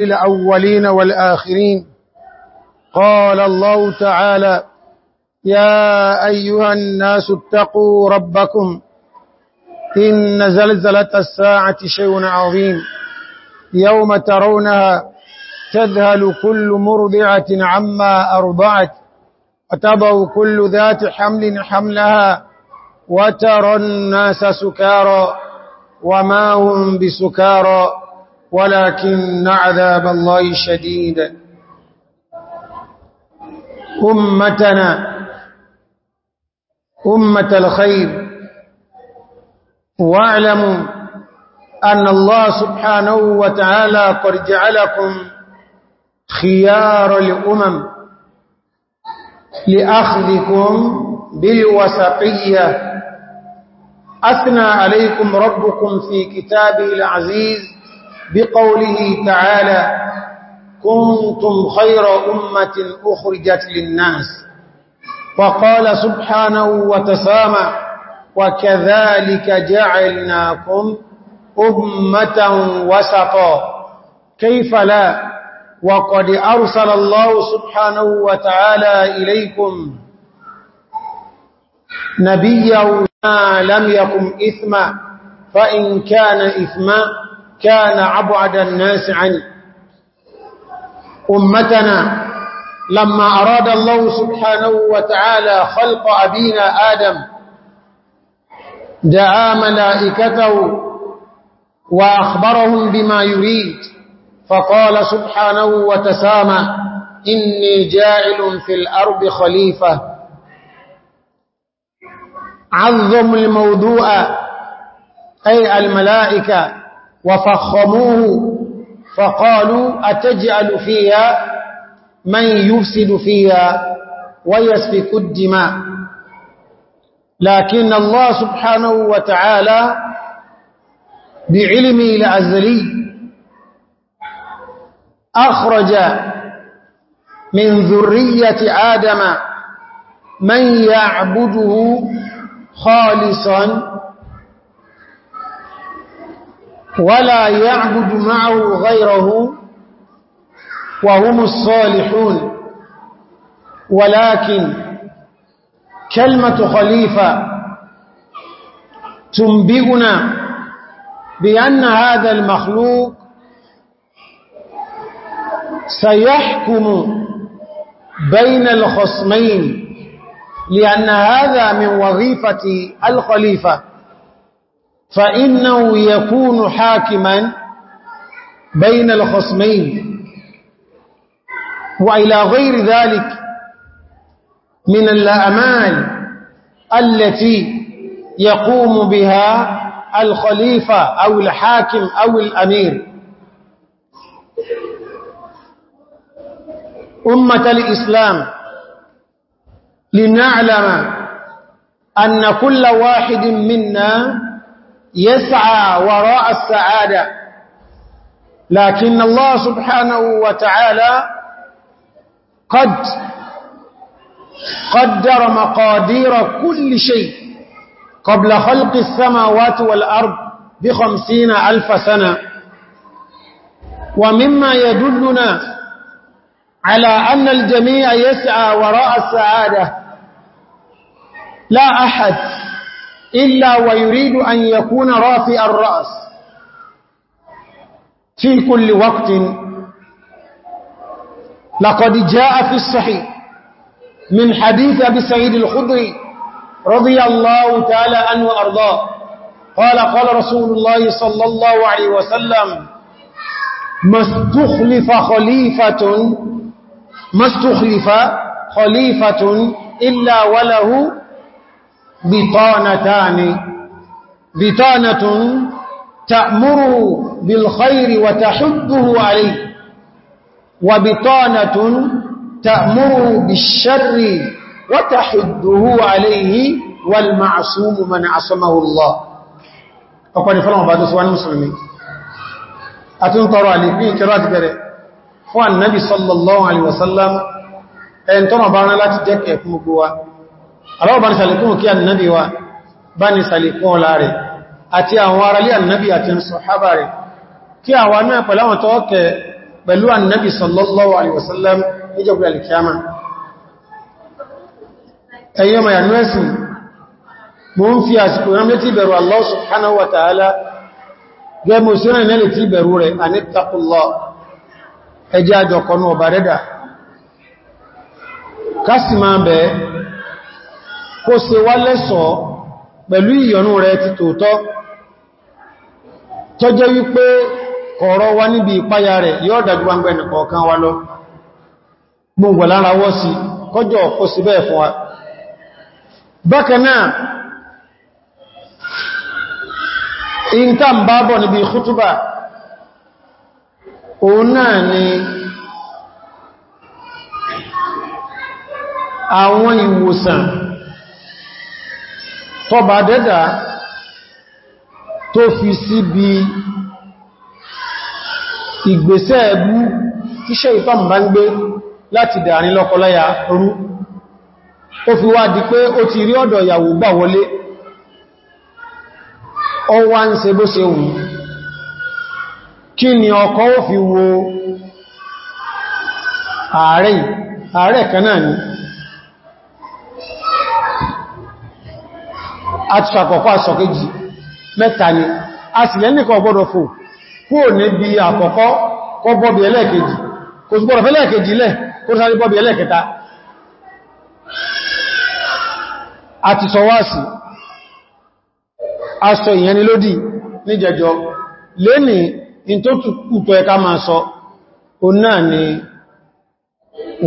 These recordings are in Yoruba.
الأولين والآخرين قال الله تعالى يا أيها الناس اتقوا ربكم إن زلزلة الساعة شيء عظيم يوم ترونها تذهل كل مرضعة عما أرضعت وتضع كل ذات حمل حملها وترى الناس سكارى وما هم بسكارى ولكن عذاب الله شديد أمتنا أمة الخير واعلموا أن الله سبحانه وتعالى قد جعلكم خيار الأمم لأخذكم بالوسقية أثنى عليكم ربكم في كتابه العزيز بقوله تعالى كنتم خير أمة أخرجت للناس فقال سبحانه وتسامى وكذلك جعلناكم أمة وسطا كيف لا وقد أرسل الله سبحانه وتعالى إليكم نبيا ما لم يكن إثما فإن كان إثما كان أبعد الناس عن أمتنا لما أراد الله سبحانه وتعالى خلق أبينا آدم دعا ملائكته وأخبرهم بما يريد فقال سبحانه وتسامى إني جاعل في الأرض خليفة عظم الموضوع أي الملائكة وفخموه فقالوا أتجعل فيها من يفسد فيها ويسفك الدماء لكن الله سبحانه وتعالى بعلمه الأزلي أخرج من ذرية آدم من يعبده خالصا ولا يعبد معه غيره وهم الصالحون ولكن كلمة خليفة تنبئنا بأن هذا المخلوق سيحكم بين الخصمين لأن هذا من وظيفة الخليفة فإنه يكون حاكما بين الخصمين وإلى غير ذلك من الأعمال التي يقوم بها الخليفة أو الحاكم أو الأمير أمة الإسلام لنعلم أن كل واحد منا يسعى وراء السعادة لكن الله سبحانه وتعالى قد قدر مقادير كل شيء قبل خلق السماوات والأرض بخمسين ألف سنة ومما يدلنا على أن الجميع يسعى وراء السعادة لا أحد إلا ويريد أن يكون رافع الرأس في كل وقت لقد جاء في الصحيح من حديث أبي سعيد الخضري رضي الله تعالى عنه وأرضاه قال قال رسول الله صلى الله عليه وسلم ما استخلف خليفة ما استخلف خليفة إلا وله بطانتان بطانة تأمر بالخير وتحبه عليه وبطانة تأمر بالشر وتحده عليه والمعصوم من عصمه الله أقول فلما بعد سواء المسلمين أتون ترى لي في إكرات إيه كري فالنبي صلى الله عليه وسلم أنتم بعنا لا تتكيف مقوى aláwọ̀ bá ní sàlẹ̀kún kí annabi wa bá ní sàlẹ̀kún ọlá rẹ̀ àti àwọn aráalé annabi àti sọ̀hábà rẹ̀ kí àwọn náà pẹ̀láwọn tọ́ọ̀kẹ̀ pẹ̀lú annabi sallallahu alaihi wasallam níjọba alkiyama ẹ̀yẹ́ ma yànú ẹ̀sìn mo bẹ̀ẹ́ kó ṣe wá lẹ́sọ̀ pẹ̀lú ìyọnú rẹ̀ ti tòótọ́ tó jẹ́ wípé ọ̀rọ̀ wa níbi ìpáyà rẹ̀ yóò dájú gbangba ẹnìkọ̀ọ̀kan wa lọ gbogbo lára wọ́ sí kọjọ́ kó sí bẹ́ẹ̀ fún wa bákan náà ìntà ń bábọ̀ níbi ìkútúbà òun náà ni àwọn ìwòsàn tọba dẹ́dà tó fi síbi ìgbésẹ̀ ẹbú kíṣẹ́ ìfàmù bá ń gbé láti dàrin lọ́kọláya rú ó fi wá di pé ó ti rí ọ̀dọ̀ ìyàwó gbà wọlé ó wá ń ṣe bó ṣe wù kí ni ọkọ ó fi wo ààrẹ ààrẹ kan ni akọkọ àkọ́kọ́ àṣọ̀kejì mẹ́ta ni a sì lẹ́ nìkan ọgbọ́dọ̀ fò kúrò níbi àkọ́kọ́ kọ bọ́bí ẹlẹ́ẹ̀kejì kò sí gbọ́dọ̀ fẹ́lẹ́ẹ̀kejì lẹ̀ kó sáré bọ́bí ẹlẹ́ẹ̀kẹta àti ẹka sọ o ni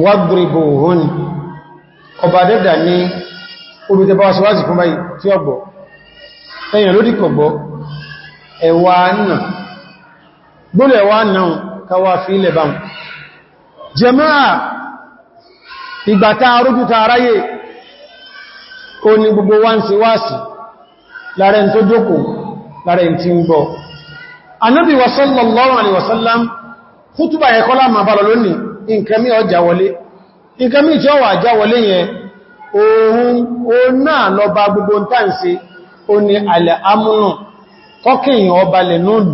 wàgbìrìbò òhun ọba dẹ́dà tí ọgbọ̀ ẹ̀yàn ló dìkọ̀gbọ́ ẹ̀wà náà gbólẹ̀ ẹ̀wà náà káwà fi ilẹ̀ bá jẹmáà ìgbàta arúgbùta aráyé ó ní gbogbo wáǹsí wáàsí láàrẹ tó jókò láàrẹ tí ń gbọ́ anábì wasallam kútùbà ohun o náà lọ bá gbogbo ń o ni alẹ̀ amúnù kọ́kìyàn ọba nónù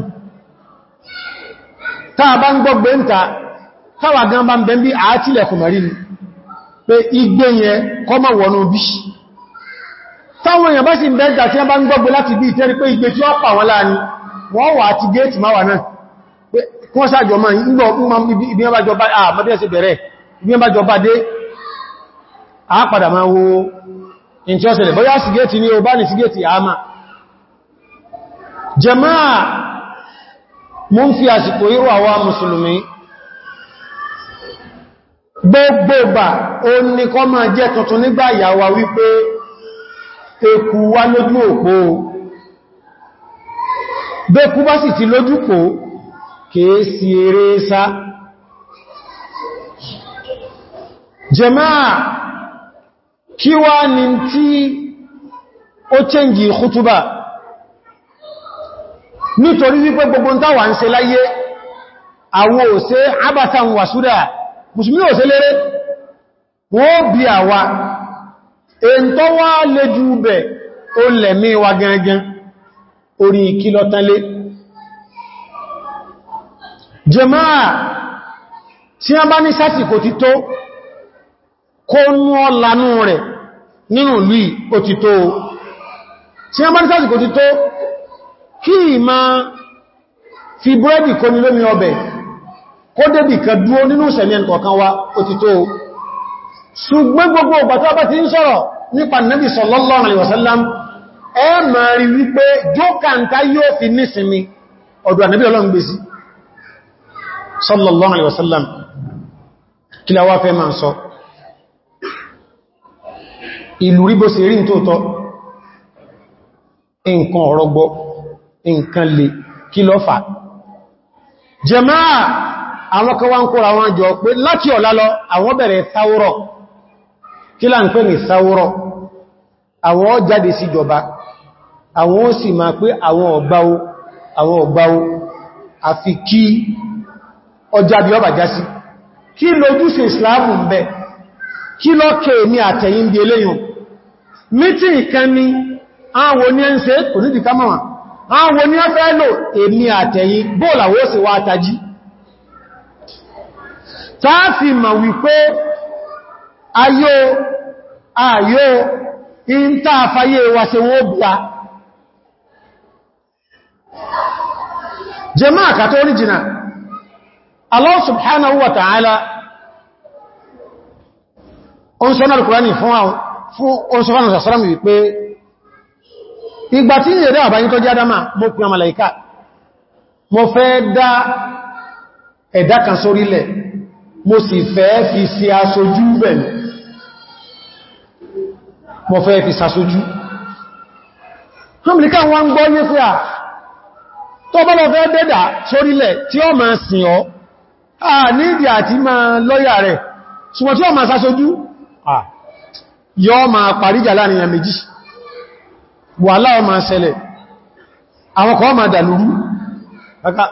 táà bá ń gbọ́gbé ń ta táwà gan bá ń bẹ́ bí àátílẹ̀kùn mẹ́rin pé igbé yẹn kọ́mọ̀ wọnú bí táwọn èèyàn bá sì ń bá ń igbe tí ó pà a padà máa wo in tí ó ṣẹlẹ̀ bóyá sígéètì ní o bá ní sígéètì àmà jẹmáà mú ń fi àsìkò irú àwa mùsùlùmí gbogbogbà o ní kọ́ máa jẹ́ tuntun nígbà ìyàwó wípé ekú wá lójú òpó bẹ́kú bá sì ti lójú pò kìí eré sá jẹmáà kí wá ní tí ó chẹ́njì ìkútúbà nítorí wípé gbogbo táwà ń ṣe láyé àwọn òṣè abata ń wàsúdà musulmi òṣè lérè wọ́n bí àwa èntọ́ wá lè jù bẹ̀ ó lẹ̀mí wa gangan orí kílọ̀tánlé jẹmáà tí a bá ní sásìkò ti kó nú ọlanú rẹ̀ nínú ìlú òtító tí a bá ní sásìkò tító kí ìmá fi búrẹ́dì kó ní lómi ọbẹ̀ kó débì kan dúó nínú ìsẹ̀mí ẹnkọ̀ọ̀kan wa òtító ṣùgbọ́n gbogbo ọgbàtọ́ Nabi sallallahu alaihi wasallam ẹ ma rí wípé jókàntá yóò fi nísinmi sallallahu alaihi wasallam kí la wá fẹ́ máa sọ ìlú ríbó sí rí tó tọ́ nǹkan ọ̀rọ̀gbọ́ nǹkan lè kí lọ fà jẹmáà àwọn kan wá ń kóra wọn jọ pé láti ọ̀lá lọ àwọn bẹ̀rẹ̀ sáwúrọ̀ kí là ń pè ní sáwúrọ̀ àwọn jáde sí jọba àwọn ó sì máa pé àwọn ọ̀gbáwó àwọn ọ̀gbáwó àfi kí ọjà bí ọba já sí kí lójúṣe ìsìláàmù ń bẹ kí lọ́kẹ̀ẹ́ ní àtẹ̀yìn bí eléyìn mítí ìkan ni àwọn oní ẹ́nṣẹ́ kò ní dìká àwọn emi ẹ́fẹ́ lò èmi àtẹ̀yìn bóòlàwó sì wá tají tààfì ma wípé ayó ayó in tààfàyé wa se wó bíá jẹmọ́ àkàtọ́ oríjìnà Allah subhanahu wa fún oṣùfánà sàṣọ́rọ̀ mi wípé ìgbà tí ní èdè àbáyí tó jẹ́ adama mo pín ọmọ màláíkà mo fẹ́ dá ẹ̀dá kan sórílẹ̀ mo sì fẹ́ fi sí aṣojú bẹ̀rẹ̀ mo fẹ́ fi sàṣojú màláíkà wọ́n gbọ́ yé fẹ́ à tó bọ́lọ̀ fẹ́ dẹ́dà sórílẹ̀ tí ó máa sìn ọ́ à nídìí àti máa lọ́yà rẹ̀ ṣùgbọ́n tí ó máa sàṣojú yọ́ ma jà láàrin ya méjì wà láwọ́ ma ṣẹlẹ̀ àwọn kan ma dà lórí kàkà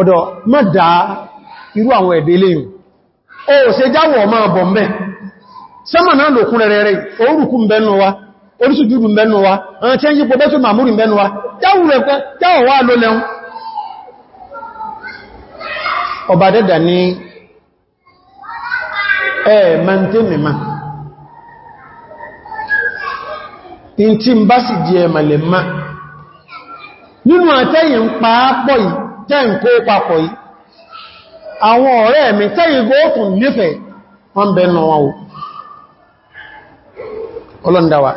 ọ̀dọ̀ má dá irú àwọn ẹ̀dẹ́ lè o ṣe jáwọ̀ ma bọ̀ mẹ́ sẹ́mà náà lòkún kún rẹ̀ orùkú ọba in tí ń bá sì di ẹmàlẹ̀ nínú àtẹ́yìn ń pa ápọ̀ yìí kó papọ̀ yìí àwọn ọ̀rẹ́ mi tẹ́yìn góòkùn nífẹ̀ẹ́ wọ́n bẹ̀ẹ̀nà wọn o ọlọ́ndawa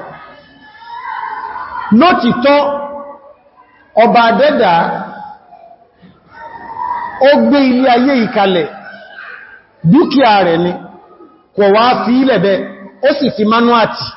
lótìtọ́ ọba dẹ́dà ó gbé ilé ayé ìkalẹ̀ dúkìá ni fi ilẹ̀ bẹ́ ó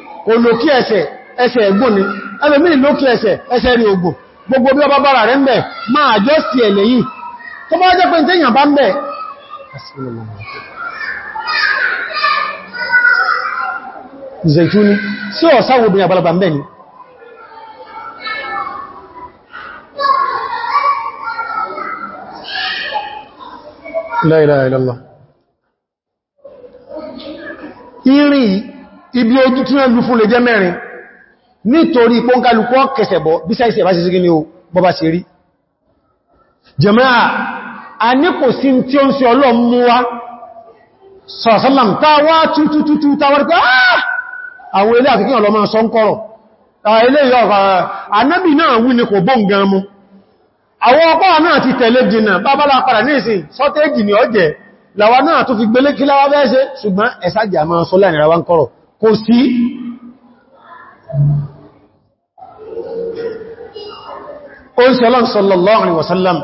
kò lókí ẹsẹ̀ ẹsẹ̀ ẹ̀gbọ́n ni ẹlòmíì lókí ẹsẹ̀ ẹsẹ̀ rí ogbò gbogbo bí ọba bára rẹ̀ ń máa jọ sí ẹ̀lẹ̀ yìí tó bá jẹ́ pé tí bá ń bẹ̀ ibi ojú tí wọ́n lú fún lè jẹ́ mẹ́rin nítorí pọ́nkálukú kẹsẹ̀bọ̀ bí sáìsẹ̀ bá ṣe sígí ní o bọ́bá ṣe rí jẹ̀mẹ́à a ní kò sí tí ó ń se ọlọ́ mú wá sọ̀sọ́làm táwá tútútútú táwárí pé ah! àwọn ilé àfikín ọlọ́mọ sọ́nkọ́rọ̀ ilé yọ̀fà anábì náà wí ni kò bóǹgan mú àwọn ọkọ́ náà ti tẹ̀lé ni ọjẹ́ làwa tó fi gbélé kí láwá bẹ́ẹ̀ ṣe ṣùgbọ́n ẹ̀sájà máa sọ láìnira ń kọ́rọ̀ kò sí ó ń sọ́lọ́n sallallahu alaihi wasallam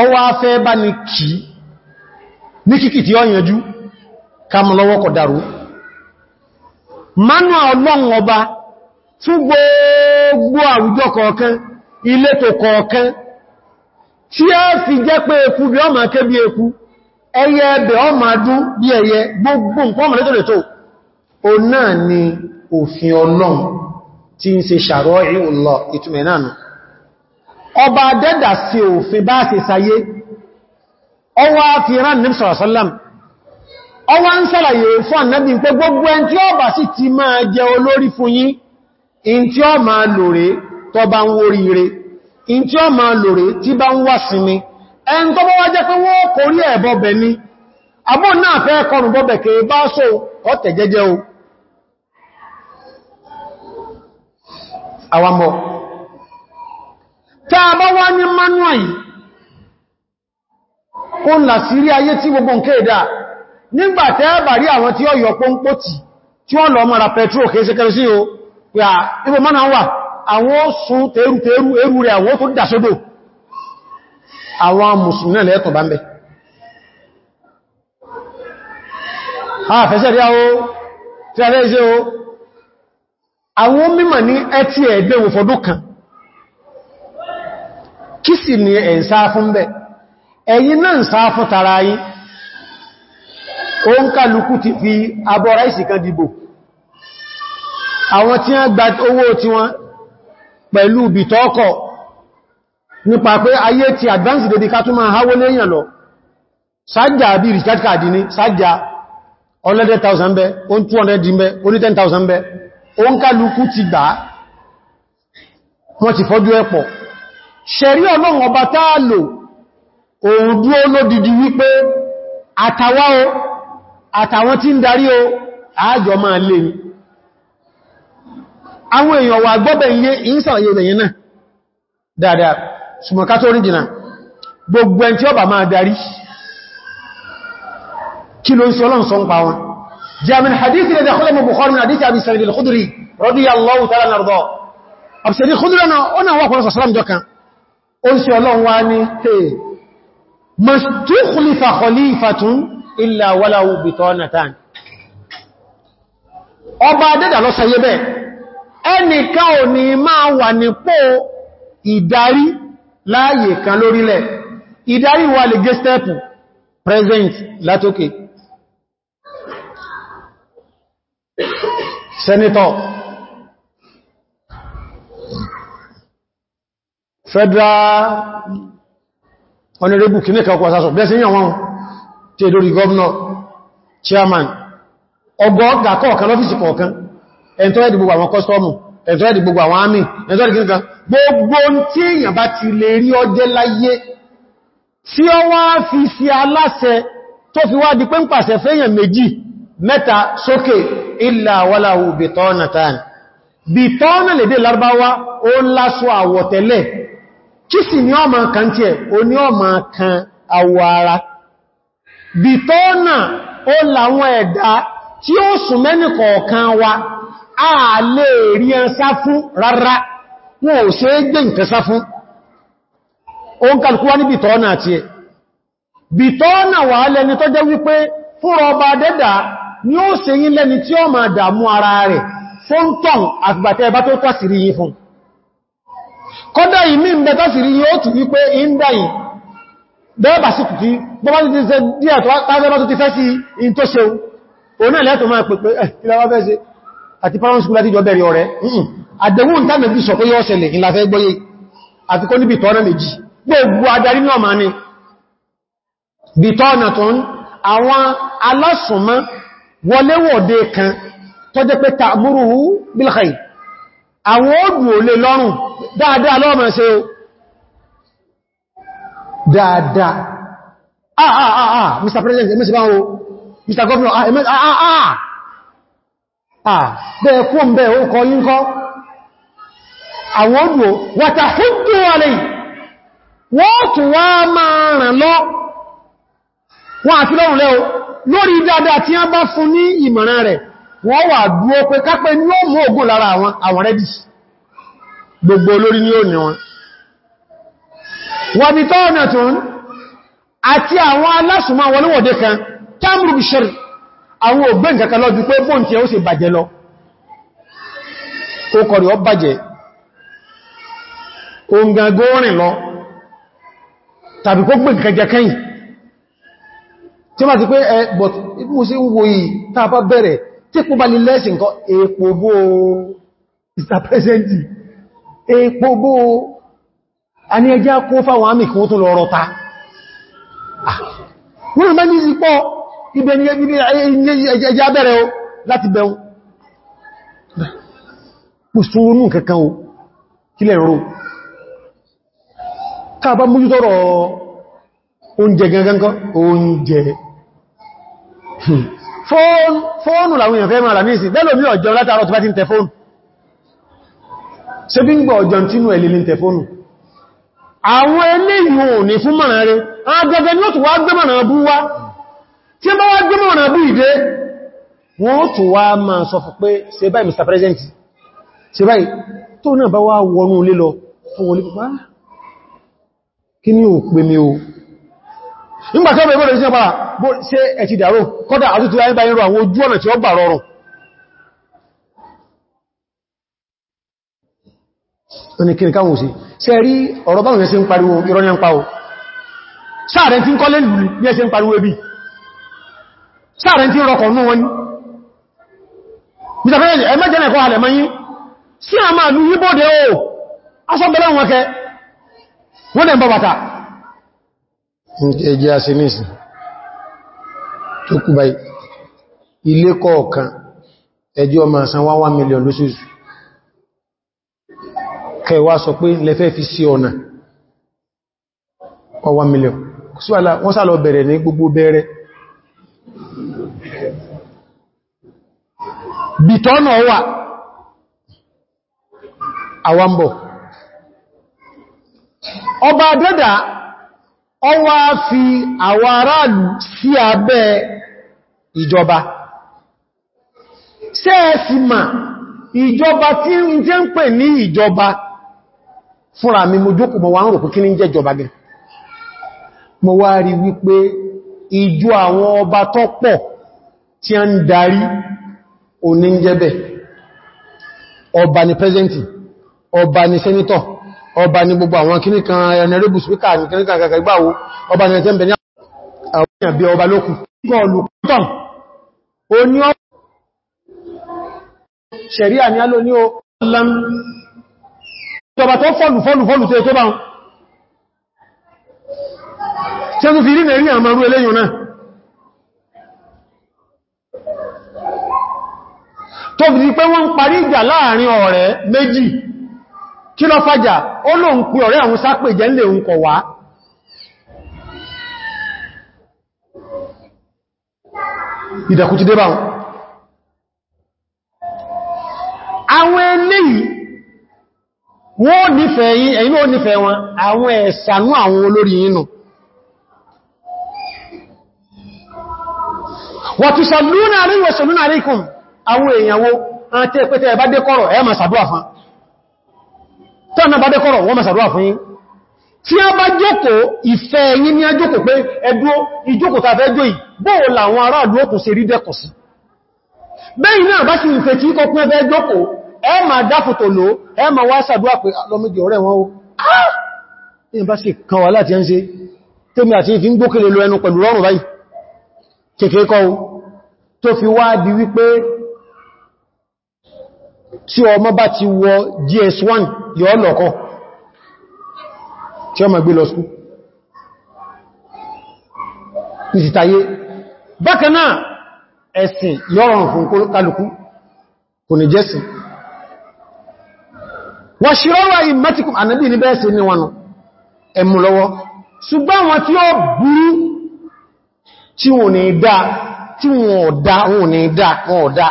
ọwọ́ afẹ́ bá ní kí ní kíkì tí ó kọ̀ dàrú mánú ọlọ́run ọba gbogbo àwùjọ kọ̀ọ̀kan ilé tó kọ̀ọ̀kan tí fi jẹ́ pé eku bí ọmọ akẹ́ bí eku ẹyẹ ẹbẹ̀ ọmọ adún bí ẹyẹ gbogbo o náà ni òfin ọlọ́run tí ń ṣe ṣàrọ́ ìrùlọ ìtumẹ̀ náà ọba dẹ́dà sí òfin bá ṣe sayé ọwá fi rán ní sọ̀rọ̀sọ́lám ọwá ń sàlàyé fún ànábì pé gbogbo ẹn tí ó bá sì ti máa jẹ olórí fún yín in ire in abọ́ náà fẹ́ kọrùn bọ́bẹ̀ kèrè bá ọ̀tẹ̀ o àwàmọ̀ tí a bá wá ní manual yìí ó ń làsírí ayé tí gbogbo nké ìdá nígbàtẹ́ bà rí àwọn tí ó yọ pọ́npọ́ tí tí wọ́n lọ mara petrol kìí ṣe kẹrẹsí o pẹ̀ ibò mọ́nà wà àwọn sun tẹ́rù tẹ́rù eru rẹ̀ àwọn tó dàsódò àwọn mùsùlùmí lẹ́ẹ̀tọ̀ bá ń bẹ ha fẹ́sẹ̀ rí àwọ́ tí a lẹ́ àwọn mímọ̀ ní ẹtí ẹ̀ẹ́dẹ̀wò fọdún kan kí sì ni ẹ̀ ń sáà fún bẹ́ ẹ̀yin náà ń sáà fún tara yí o ń kálukú ti fi abọ́ra ìsì kan dìbò àwọn tí wọ́n gba owó tí wọ́n pẹ̀lú bìtọ́ọ̀kọ̀ nípa pé ayé ti advance dédé ká tún máa háwó léèyàn lọ sájà bí richard card ní sájà 100,000 bẹ́ 200 bẹ́ 10,000 bẹ́ oúnkàlùkù ti gbaa wọ́n ti fọ́jú ẹ̀pọ̀ ṣẹ̀rí ọlọ́run ọba táà lò òun dúó lódìdí wípé àtàwà o àtàwọn tí ń darí o àájọ máa lè ní àwọn èèyàn wà gbọ́bẹ̀ ilé ìsànyẹ ìdẹ̀yẹn náà dáadáa gbogbo ẹn جاء من حديث الذي أخذ من بخار من حديث أبي سعيد الخدري رضي الله تعالى نرضى أبي سعيد الخدري أنا أنا وقال صلى الله عليه وسلم دوكا أنسي الله واني ما استخلف خليفة إلا ولو بطانتان ọba adẹ́dà lọ sọ yẹbẹ̀ ẹnìkan ò ní máa wà nípò ìdarí láàyè kan lórílẹ̀ ìdarí wà lè gẹ́ stẹ́pù present látòkè okay. senator federal honorable kìnnì kan kwasa sọ bẹ́ẹ̀ sí yàn wọn tí èdórí governor chairman ọgbọ́ gàkọ́ ọ̀kan lọ́fíìsì kọ̀ọ̀kan ẹ̀ntọ́rẹ́dì gbogbo àwọn kọ́stọ́mù ẹ̀ntọ́rẹ́dì gbogbo àwọn àmì ẹ̀ntọ́rẹ́dì kìnnì kan gbogbo tí èyàn bá ti lè rí ọjẹ́ láyé tí ó wá fi sí aláṣẹ tó fi wá di pé ń pàṣẹ fẹ́yàn méjì mẹ́ta sókè ìlà wọ́láwù bìtọ́nà tán bìtọ́nà lè dé lárúbáwá ó lásọ àwọ̀tẹ́lẹ̀ kí sì ní ọmọ kan tí ẹ̀ o ní ọmọ kan àwọ̀ ara bìtọ́nà ó làwọn ẹ̀dá tí ó sùn mẹ́nì kọ̀ọ̀kan wa a lè rí ẹn fún rárá wọn ò ṣe é gbé nǹkan fún ó ń kàlùkú wá ní bìtọ́nà àti ẹ̀ bìtọ́nà wà lẹ́ni tó jẹ́ wípé fúnra ọba dẹ́dàá ni ó ṣe yín lẹ́ni tí ó máa dàmú ara rẹ̀ fún tọ́n àgbàtẹ́ ẹbá tó tàṣírí yí fún kọ́dá ìmí ń bẹ tàṣírí yí ó tù wípé ìndà yìí dẹ́ẹ̀bà sí kùkí bọ́bá ti ṣe díẹ̀ tó ti fẹ́ sí in tó ṣe òun náà lẹ́tọ̀ máa pẹ̀pẹ̀ ìlàwà eh, fẹ́ ṣe àti primary school láti jọ wọléwọ̀dé kan tó jẹ́ pé ta'muruhu bil khair àwọn òdù ò lè lọ́rùn dáadáa lọ́mọ̀ ṣe dáadáa ah ah ah ah Mr. President emesi báwo Mr. Governor ah ah ah ah ah bẹ́ẹ̀ kó bẹ́ẹ̀ ó kọ yí kọ́ àwọn òdù wàtà hìndú wọ́n tún wá máa ràn lọ wọ́n àti lọ́rùn lẹ́ lórí dáadáa tí wọ́n bá fún ní ìmọ̀ràn rẹ̀ wọ́n wà dúó pé kápẹ́ ní ó mú ogun lára àwọn àwọn rẹ́dì gbogbo olórí ní òní wọn wọ́n ni tọ́ọ̀nà tó ń àti àwọn alásùnmọ́ wọn níwọ̀dé kan tamru bishir àwọn ògbẹ́ tí ma ti pé ẹ eh, but mú sí wo yìí tàà bá bẹ̀rẹ̀ tí kó bá lè lẹ́ṣì nǹkan èèpò bó Mr. President èèpò bó a ní ẹjá kó fáwọn àmì kí wọ́n tó lọ rọta ah, wọ́n rí mẹ́ni sí ibẹ̀ ni eh, ẹjá bẹ̀rẹ̀ o láti bẹ̀rún pùsùrùnù kankan o kílẹ̀ rọ tàà bá oúnjẹ gangan kọ́ oúnjẹ hmm. fóònù làwọn èèyàn fẹ́ máa rà ní ìsìn bẹ́lò mí ọjọ́ látàrọ tó bá ti ń tẹ fóònù ṣe bí ń gbọ́ ọjọ́ tínú ẹ̀lẹ́ ní tẹ fóònù àwọn eléyìnwò ní fún mọ̀nà Mr. President ṣe báyìí tó náà bá wá wọnú lé lọ fún wọlé kí ni ò pè mi o nígbàtí ọmọ ìbọ̀lẹ̀ sí ọpàá bó ṣe ẹ̀tì dàró kọ́dà àtútù ayé bá irú àwọn ojú ọ̀nà tí ó gbà rọrùn oníkiri káwọn òsì ṣe rí ọ̀rọ̀ báwọn ẹ̀ṣẹ́ ń pariwo irọ́ ní ń pàwọ́ sáàrẹ tí ń kọ́lé ní ẹ̀ṣẹ́ ń pariwo ẹbí sáàrẹ tí ń rọkọ̀ nú wọn ni ẹmẹ́jẹ́nà ẹ̀kọ́ alẹ̀ mọ́yí sí àmà ní yíbọ̀dẹ̀ ó aṣọ́bẹ̀lẹ̀ wọn kẹ wọ́n lẹ́ ń bọ̀ bàtà ẹjẹ́ asinisi tó kú báyìí ilé kọ̀ọ̀kan ẹjẹ́ ọmọ àsán wá 1 million lóṣooṣù kẹwàá sọ pé lẹ́fẹ́ fi sí ọ̀nà pa 1 million síwàlá wọ́n sá lọ bẹ̀rẹ̀ ní gbogbo bẹ̀rẹ̀ bìtọ́nà wà àwambọ̀ ọba dẹ́dàá ọwá fi àwọn aráàlú sí abẹ́ ìjọba sẹ́ẹ̀sì mà ìjọba tí ń jẹ́ ń pè ní ìjọba fúnra mi mo jókòó mọ̀ wá ń rò pé kí ní jẹ́ ìjọba gẹn mo wá rí wípé ìjọ àwọn ọba tó pọ̀ tí a ń darí oníjẹ́bẹ̀ ọba ni pẹ́sẹ̀ntì ọba ni sẹ́nitọ̀ ọba ni gbogbo àwọn kíníkan ẹ̀nẹ́rẹ́bù spíkà ní kíníkan kàkà ìgbàwó ọba ni ẹ̀tẹ́m̀bẹ̀ ní àwọn èèyàn bí ọba lókù gọ́ọ̀lùkútàn ó ní ọ ṣẹ̀ríà ní alò ní ó lọ́m ìjọba tó fọ́lù fọ́lù fọ́lù tó tó bá ń tí ó tún fi rí di pé wọ́n parí ìjà láàrin ọ̀rẹ́ méjì kí lọ fàjà ó lóun pé ọ̀rẹ́ àwọn sápè jẹ́ ń lè ń kọ̀ wá ìdẹ̀kù ti dé wọn àwọn wọ́n nífẹ̀ẹ́ yín ẹ̀yin ó nífẹ̀ẹ́ wọn àwọn ẹ̀sànú àwọn olórin inú wọ̀tùsọ̀lúnà àríwẹ̀sọ̀lúnà àríkùn àwọn tọ́nà bá dẹ́kọ̀rọ̀ wọ́n mẹ́sàdúwà fún yín tí a bá jókòó ìfẹ́ yín ní a jókòó pé ẹdúó ìjókòó tàfẹ́ jò ì bóò làwọn aráàlú òkú ṣe rí dẹ́kọ̀ sí bẹ́yìn náà bá sì ń fẹ́ tí kọ́ pín ẹfẹ́ jókòó ẹ ma dáfòtò lò ẹ ma wá sàdúwà pé ah, lọ́mídì ọ̀rẹ́ wọn ó ní ah! bá tí ọmọ bá ti wọ gs1 yọ́ lọ́kọ́ tí ọmọ gbé lọ skú ní títàyé bákanáà ẹ̀sìn yọ́rùn fún kálukú kò ní jẹ́sìn wàṣírọ́wà ìmẹ́tìkùn ànábì ní bẹ́ẹ̀sì ní wọn ẹ̀mù lọ́wọ́ ṣùgbọ́n wọn tí ó burú tí wọn ò dá tí wọn ò wọn ò dá wọn ò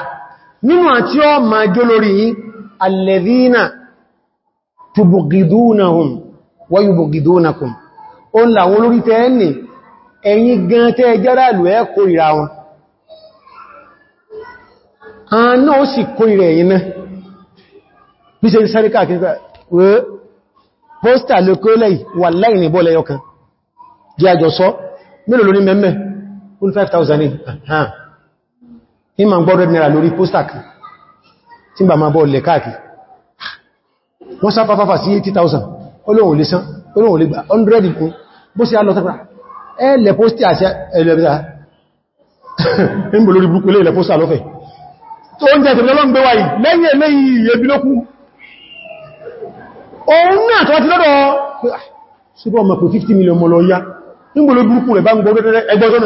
nínú àti ọ ma jó lórí alladhina tubghidunahum wa yubghidunakum o ń làwọn olórí tẹ́ẹ̀nì ẹ̀yin gan tẹ́ jẹ́rà lù ẹ́ kórìíra wọn àánà ó sì kórìíra ẹ̀yin náà bí ṣe ń sáré káàkiri wẹ́ póstà lè kó lẹ́yìn ní ma gbọ́rọ̀ náírà lórí pósítàkì tí bà máa bọ́ lẹ káàkì wọ́n sáfà fàfà sí 80,000 olóhun lè san olóhun lè gbà 100 kún bó sí alọ́tọ́pàá ẹ̀lẹ̀ pósítì àti ẹlẹ́bẹ̀ta ń bò lórí burúkú lẹ́lẹ̀ pósítà lọ́fẹ̀ tó ń jẹ́ ìtẹ̀lọ́lọ́ million mọ́ lọ yá ń bò lórí burúkú rẹ̀ bá ń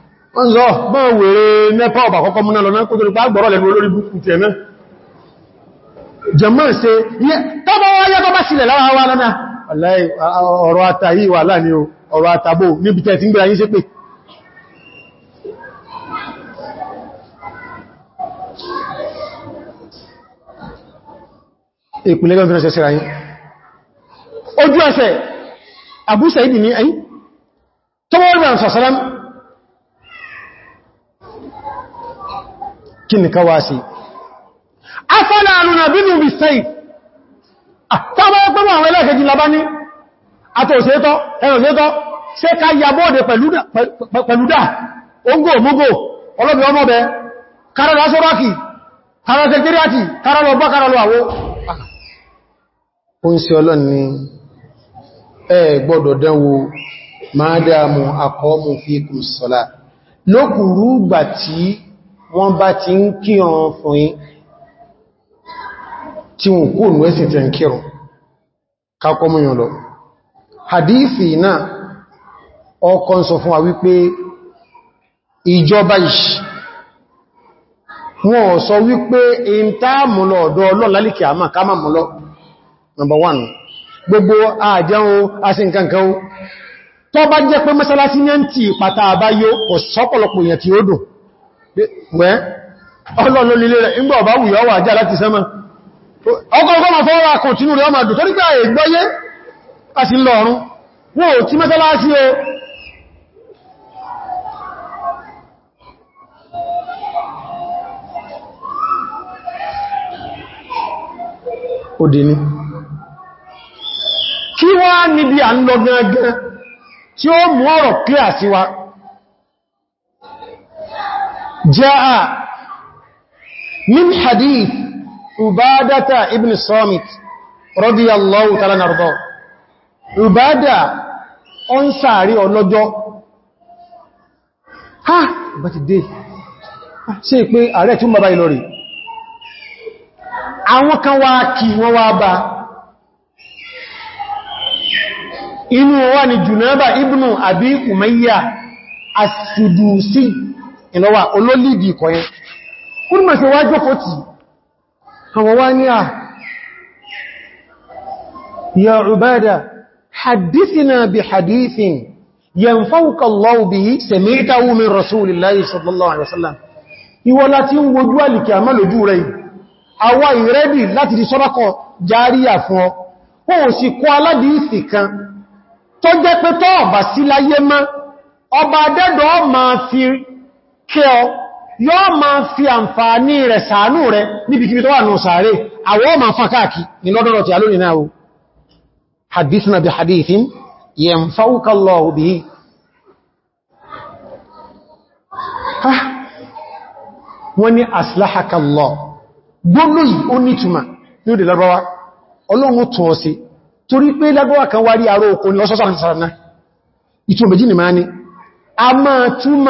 wọ́n sọ bọ́n wèrè mẹ́fà ọ̀bà kọ́kọ́ múná lọ́nà kó tó nípa gbọ́rọ̀ lẹ́nu olórin búkú tẹ̀ náà jẹmọ́ ṣe yẹ tọ́bọ̀ wáyé tọ́ bá sílẹ̀ lára wá lọ́nà ọ̀rọ̀ àtàyí wà láàní ọ̀rọ̀ àtàbò níbi tẹ̀ tí ń gbé ayé ṣépè ìpínlẹ̀ gan fínà ṣẹṣẹ́ ráyín ojú ẹsẹ̀ àbúṣẹ̀ ìdì ní ẹ̀yí tọ́wọ́ rí kí ah, ni ká wá sí afẹ́lẹ̀ àrùnà bínú bí sẹ́ì tàbí ẹgbẹ́mọ̀ àwọn ẹlẹ́ẹ̀kẹ́jì labá ní àtòsẹ́tọ́ ẹ̀rọ̀sẹ́tọ́ ṣe ká yàbọ́ọ̀dẹ̀ pẹ̀lúdà ongó múgó karọlọ wọ́n bá ti ń kírun fún yín tí wọ́n kú ní ẹ̀sìn tí ń kírun kakọmọ̀yàn lọ hadithi náà ọkọ̀ ń sọ fún wa wípé ìjọba ìṣì wọ́n sọ wípé in táà múlọ ọ̀dọ̀ ọlọ́lálìkì àmà ká má múlọ number one gbogbo àjẹun asìnkankan tó bá jẹ́ pé mẹ́sàlásí ní ẹ̀ ń tí ìpàtà tí ó dùn wẹ́ ọlọ́lọ́ lílé rẹ̀ ń gbọ́ wà já láti sẹ́mọ̀ ọkọ̀ọ̀kọ́ ma fọ́wọ́ akọ̀tínú rẹ̀ ọmọ àdù torí a sì lọ ọ̀run tí kí níbi جاء من حديث عبادة ابن الصامت رضي الله تعالى نرضاه عبادة أنساري ọlọ́jọ́ ha but day ṣe pé ààrẹ tí ó bàbá ìlọ rẹ̀ àwọn kan wá kí wọ́n wá bá inú wa ni Junaba ibn Abi Umayya as-Sudusi ìlọ́wà olólìdì ìkọ̀ yẹn kún mọ̀ sí wá jókòó tì àwọn wá ní à ya Ubada hadithina bi hadithin yanfauka Allahu bihi sami'tahu min rasulillahi sallallahu alaihi wasallam ìwọ láti ń wojú àlìkì àmà lójú rẹ̀ àwa ìrẹ́dì láti di sọ́rọ́kọ̀ járíyà fún ọ kò sì kọ́ aládìísì kan ọ̀bà sí láyé má ọba adẹ́dọ̀ ma fi kí ọ yóò ma fi amfani rẹ̀ sàánú rẹ̀ níbikíbi tó wà nù sàárè àwọ́ ma fà káàkì ní lọ́dọ́rọ̀ tí a lónìí náà hadithuna bi hadithin yanfa'uka Allahu bihi wọ́n ni aslahaka Allah gbónú onítùmà ní òdè lábáwá ọlọ́run tún ọ sí torí pé kan wárí àrò okò lọ́sọ́sọ́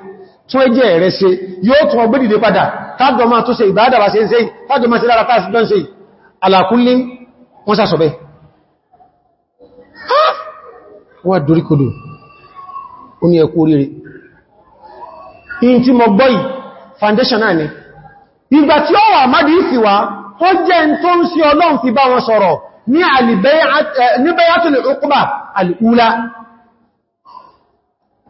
tún ẹjẹ́ ẹ̀rẹ́ ṣe yóò tún ọgbé dìde padà tágbọ́ máa tó ṣe ìbádà bá ṣe ń ṣe tágbọ́ máa ṣe lára káàsì gbọ́n ṣe alákúnlé wọ́n sàṣọ̀bẹ́ wọ́n doríkodò ó ní ẹkú oríire in tí mọ gbọ́ yìí foundation náà ni ìgbà tí ó wà mádìí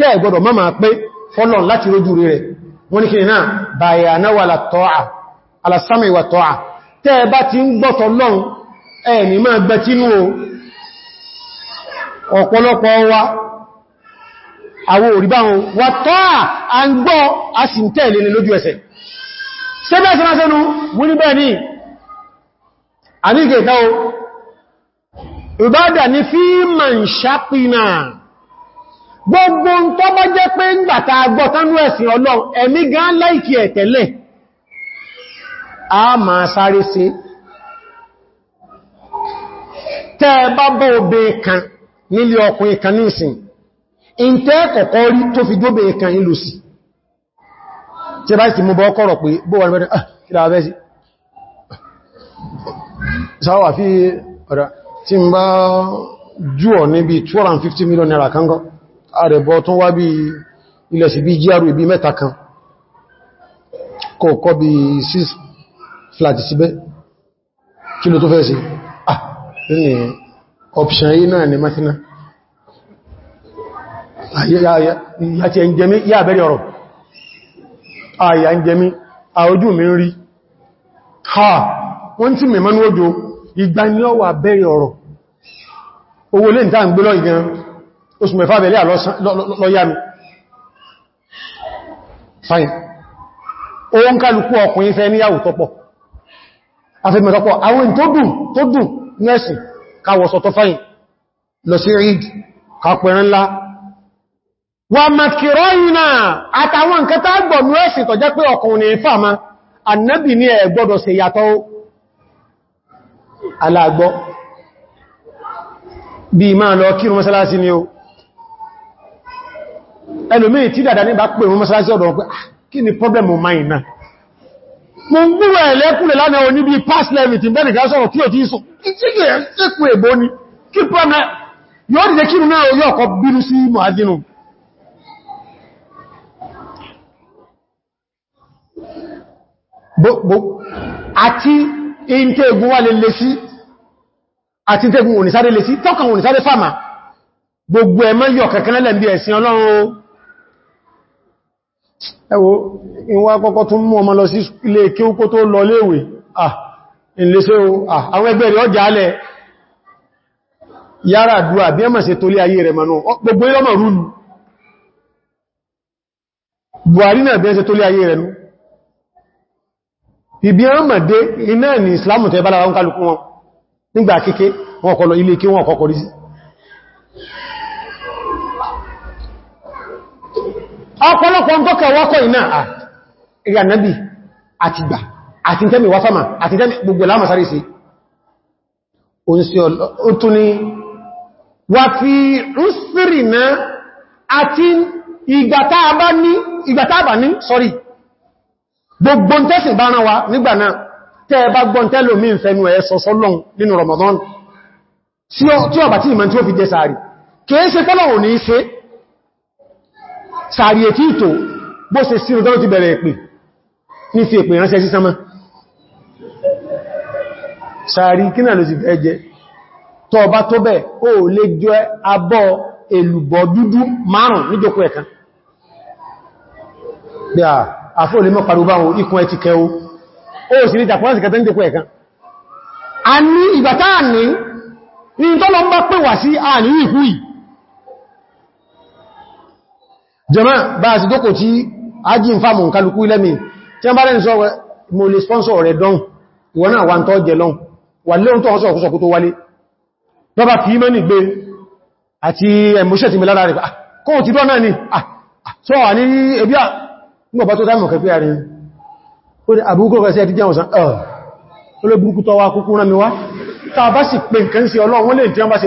tẹ́ ẹ̀gbọ́dọ̀ máa máa pé fọ́lọ̀n láti rójú rẹ̀ wọ́n ní kí náà bàyàná wà látọ́à alàsámi wà tọ́à tẹ́ ẹ bá ti ń gbọ́tọ̀ lọ́n ẹni máa gbẹ̀tínú ọ̀pọ̀lọpọ̀ wa àwọ òrìbáhun wà tọ́à a ń gbọ́ a sì ń tẹ̀lé ní lójú ẹsẹ̀ sẹ́bẹ̀ẹ́sẹ́másẹ́nu ni àníkẹ̀ẹ́ta o ń ṣápínà gbogbo ń tọ́ bá jẹ́ pé ń agbọ́tánú ẹ̀sìn ọlọ́run ẹ̀mí gan láìkí a máa sáré sí tẹ́ bọ́ obe kan nílé ọkùnrin kan ní fi kan ìlú sí tí bá mú bọ́ kọ́rọ̀ pé bó àrẹ̀bọ̀ tún wá bí ilẹ̀ sí bí jíàrù ibi mẹ́ta kan kọ̀ọ̀kọ́ bí 6 flat síbẹ̀ kí ló tó fẹ́ sí ah ní option yìí náà ni mẹ́tíná àti ẹnjẹmí yà bẹ̀rẹ̀ ọ̀rọ̀ àyà ah, ẹnjẹmí àójú ah, mi ń rí ha wọ́n tí mẹ́mọ́ ní ojú ìgbà ni ó wà bẹ̀rẹ̀ ọ̀rọ̀ owó lè ní tàà oṣù mẹ́fà bẹ̀lẹ́ lọ́yánu fine o ń kálukú ọkùnrin fẹ́ níyàwó tọ́pọ̀ afẹ́mẹ́tọ́pọ̀ àwọn tó dùn tó dùn nẹ́sì káwọ̀sọ tó fine lọ sí ríd kàpẹ̀rẹ́ ńlá wà màkìrọ́ ìnà àtàwọn nǹkan tá gbọ̀ nẹ́sì tọ́jẹ́ pé ọkùnrin fàmá annabi ní ẹ ẹlòmíì tí dàdà ní bá pè wọn mọ́sálásí ọ̀dọ̀ pé ah, kí ni pọ́blẹ̀mù máì náà mo ń gbúwẹ̀ ẹ̀lẹ́kùnlẹ̀ lánàá oní bí pass level tí bẹ́ẹ̀ nìkan sọ̀rọ̀ tí ò tí ń sọ ìtíkẹ̀ ẹ̀kù èbó ni kí pọ́nà yóò dìde kírù náà orí ọkọ̀ bínú sí mọ̀ádínú àti ìntẹ́gùn wà lè lè sí àti ìntẹ́gùn ònìsáré lè sí tọ́kàn ònìsáré fàmà gbogbo ẹ̀mọ́ yọ kẹ̀kẹ́ lẹ́lẹ̀ bí ẹ̀sìn Ọlọ́run ẹwọ́ akọkọ akọ́kọ́ tún mú ọmọ lọ sí ilé kí ó kó tó lọ léèwé ah ìlẹ́sẹ́ o ah àwọn ẹgbẹ́ rẹ̀ ọjà alẹ́ yára àdúrà bí ẹmà ṣe tolé ayé rẹ̀ mọ̀nà gbogbo ìlọ́mọ̀ Buhari náà bí ṣe ayé rẹ̀ nú ibi ọmọdé iná ní Islam tẹ́ bá lára ń wọn nígbà wọn kọlọ ilé ọ̀pọ̀lọpọ̀ ń tọ́kẹ̀ wọ́kọ̀ iná ìrànàbì àti gbà àti tẹ́mì wáfàmà àti tẹ́mì gbogbo láàmà sáré sí o tún ni wà fi rúsìrì náà àti ìgbàtàbà ní sọ́rí gbogbo tẹ́sìn bá rán wa nígbà náà tẹ́ bá gbọ́n tẹ́lò mí ìfẹ́nu ẹ̀ sọ́sọ́lọ́n Ramadan tí ọ̀bà tí ìmọ̀ tí ó fi jẹ sàárì ètí ìtò bó ṣe sínú tọ́rọ ti bẹ̀rẹ̀ ìpè ní fi ìpè ránṣẹ́ sí sánmà sàárì kí náà ló sì fẹ́ jẹ tọ́ ọba tó bẹ̀ ó lè jọ abọ́ èlùbọ̀ dúdú márùn ti kẹ o ó sì ní ìtàkùnrin sí kẹta níjókòó ẹ̀kan a ní ìgbàtáà ní ní tọ́lọ ń bá pè wà sí àní ìhú yìí jẹmọ́ bá sì dókò tí a jí ń fàmù kálukú ilẹ́mi tí a bá rẹ̀ sọ mo lè sponsor rẹ̀ dán ìwọ̀n náà wà ń tọ́ jẹ lọ́n wà léun tó ọ̀sọ̀ ọ̀kúsọ̀kú tó wálé lọ́bá fi mẹ́ni gbé àti ẹ̀mọ́ṣẹ́ ti mẹ́lára rẹ̀ ah, kó ti dọ́ ni ah, ah, sọ wà ní ẹbí à nígbàbá tó wa kúkú rán mi wá ta bá sì pè nǹkan sí ọlọ́run lè jẹun bá sì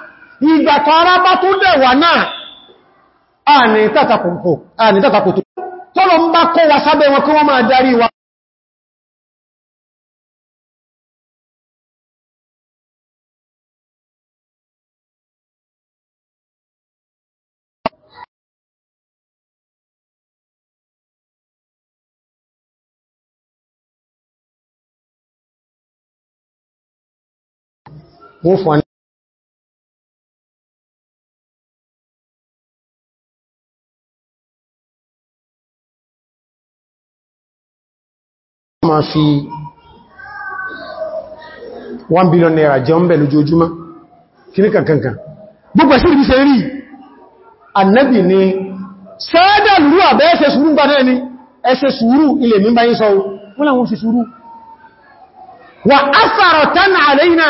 ìgbàtọ̀ ara bá tó dẹ̀wà náà àní tàtàkùtù tọ́lọ ń bá kọ́ wa sábẹ́ wọn kí wọ́n máa darí wa wọ́n fún máa fi 1 billion naira jẹun bẹ̀ lójoojúmọ́ kí ní kankankan gbogbo ẹ̀sí ìbí sẹ́rí annabi ni sẹ́ẹ̀dà lúrú àbẹ́ ẹsẹ sùúrù ń bá náà ni ẹsẹ sùúrù ilẹ̀ mi bá yí sọ wọ́n láwọn ṣe sùúrù wà áfàrọ̀ tánà àlẹ́yìnà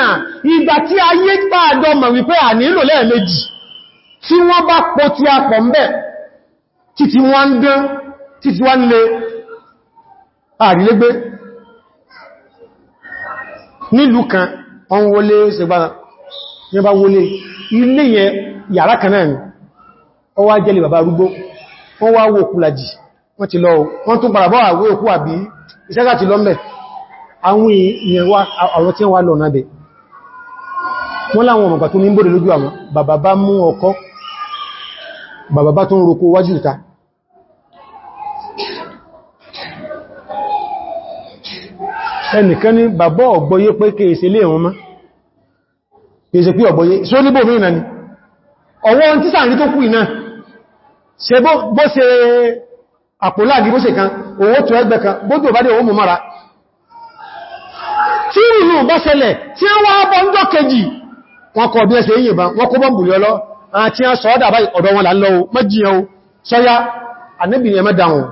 ìgbà tí a yé pàádọ́ mọ̀ wípé à nílò lẹ́ẹ̀mejì tí wọ́n bá nílùú kan wọ́n wọlé ṣẹgbàrá yẹn wọlé ilé yẹn yàrá kan náà ni ó wá jẹ́lẹ̀ bàbá arúgbó wọ́n wá wó òkú làjì wọ́n ti lọ wọ́n tún padà bọ́ àwé òkú àbí ìṣẹ́gà ti lọ́mẹ̀ àwọn èèyàn wá àwọn tí wọ́n wá lọ náà bẹ̀ wọ́n láwọn ọmọgbà tó ẹnìkan ní bàbá ọ̀gbọ́yé pé kèèsè lé wọn má kèèsè pé ọ̀gbọ́yé sí ó níbò mìíràn ni ọwọ́ ohun tí sàárín tó kú iná ṣe bó ṣe àpòláàgì bó ṣe kan owó tó ẹgbẹ́ kan bójú ò owó mú tí ìlú bá ṣẹlẹ̀ tí ó wá bọ́ ńjọ́ kejì wọn kọ̀ bí ẹsẹ̀ yìnbọn wọn kó bọ́m̀bù lọ àti a sọ́ọ́dà báyìí ọ̀dọ̀ wọn là ń lọ mẹ́jìyàn sọ́yá ànẹ́bìnrin ẹmẹ́dàwọn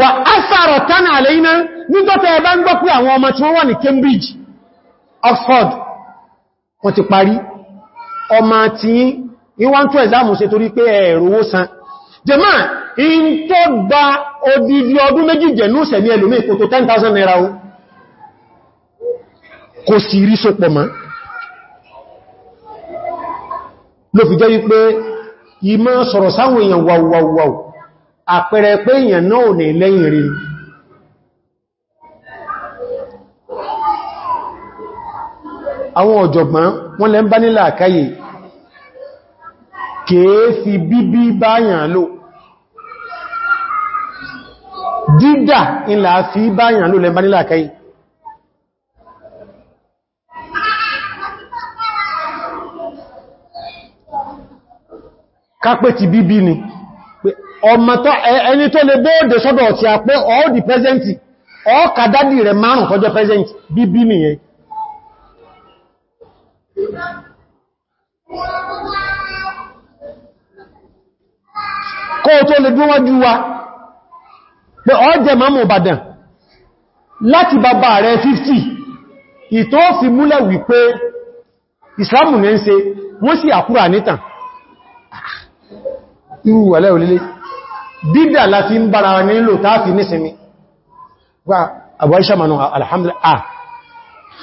wà ásàrọ̀ tánà àlẹ́yìnà nígbọ́tẹ̀ ẹ̀bá ń gbọ́ pé àwọn ọmọ tí wọ́n wà ní Cambridge Oxford wọ́n ti parí ọmọ tí yí wọ́n tó ẹ̀zámù ṣe torí pé ẹ̀rọwó san jẹmọ́ in tó gba odidi ọdún méjì jẹ̀nú sẹ̀mí ẹlòmí kò tó 10,000 naira o àpẹẹrẹ pé èèyàn náà ní lẹ́yìn rí àwọn ọ̀jọ̀gbọ́n wọ́n lẹ ń bá nílà àkáyè kèé fi bíbí báyàn lò dídà ìlà fi báyàn lò lẹ ń bá nílà àkáyè kápẹ́ ti bíbí ni ọmọtọ́ ẹni tó lè bóòdè sọ́dọ̀ ti a pé ọ́ di pẹ́sẹ̀ntì ọ́ kàdádì rẹ̀ márùn tọ́jọ́ pẹ́sẹ̀ntì bíbí nìyẹn kó tó lè dún wájú wa pé ọ́ jẹ mọ́mù Ìbàdàn láti bàbá rẹ̀ 50 ìtọ́ fi múlẹ̀ wípé ìsìlámù ní ń ṣe wọ́n sì àkúrà nítàn ah, irú wà lẹ́ dídà láti ń bára nílò táàfi nísinmi gbá àbọ̀ iṣẹ́ manu alhamdulillah ah,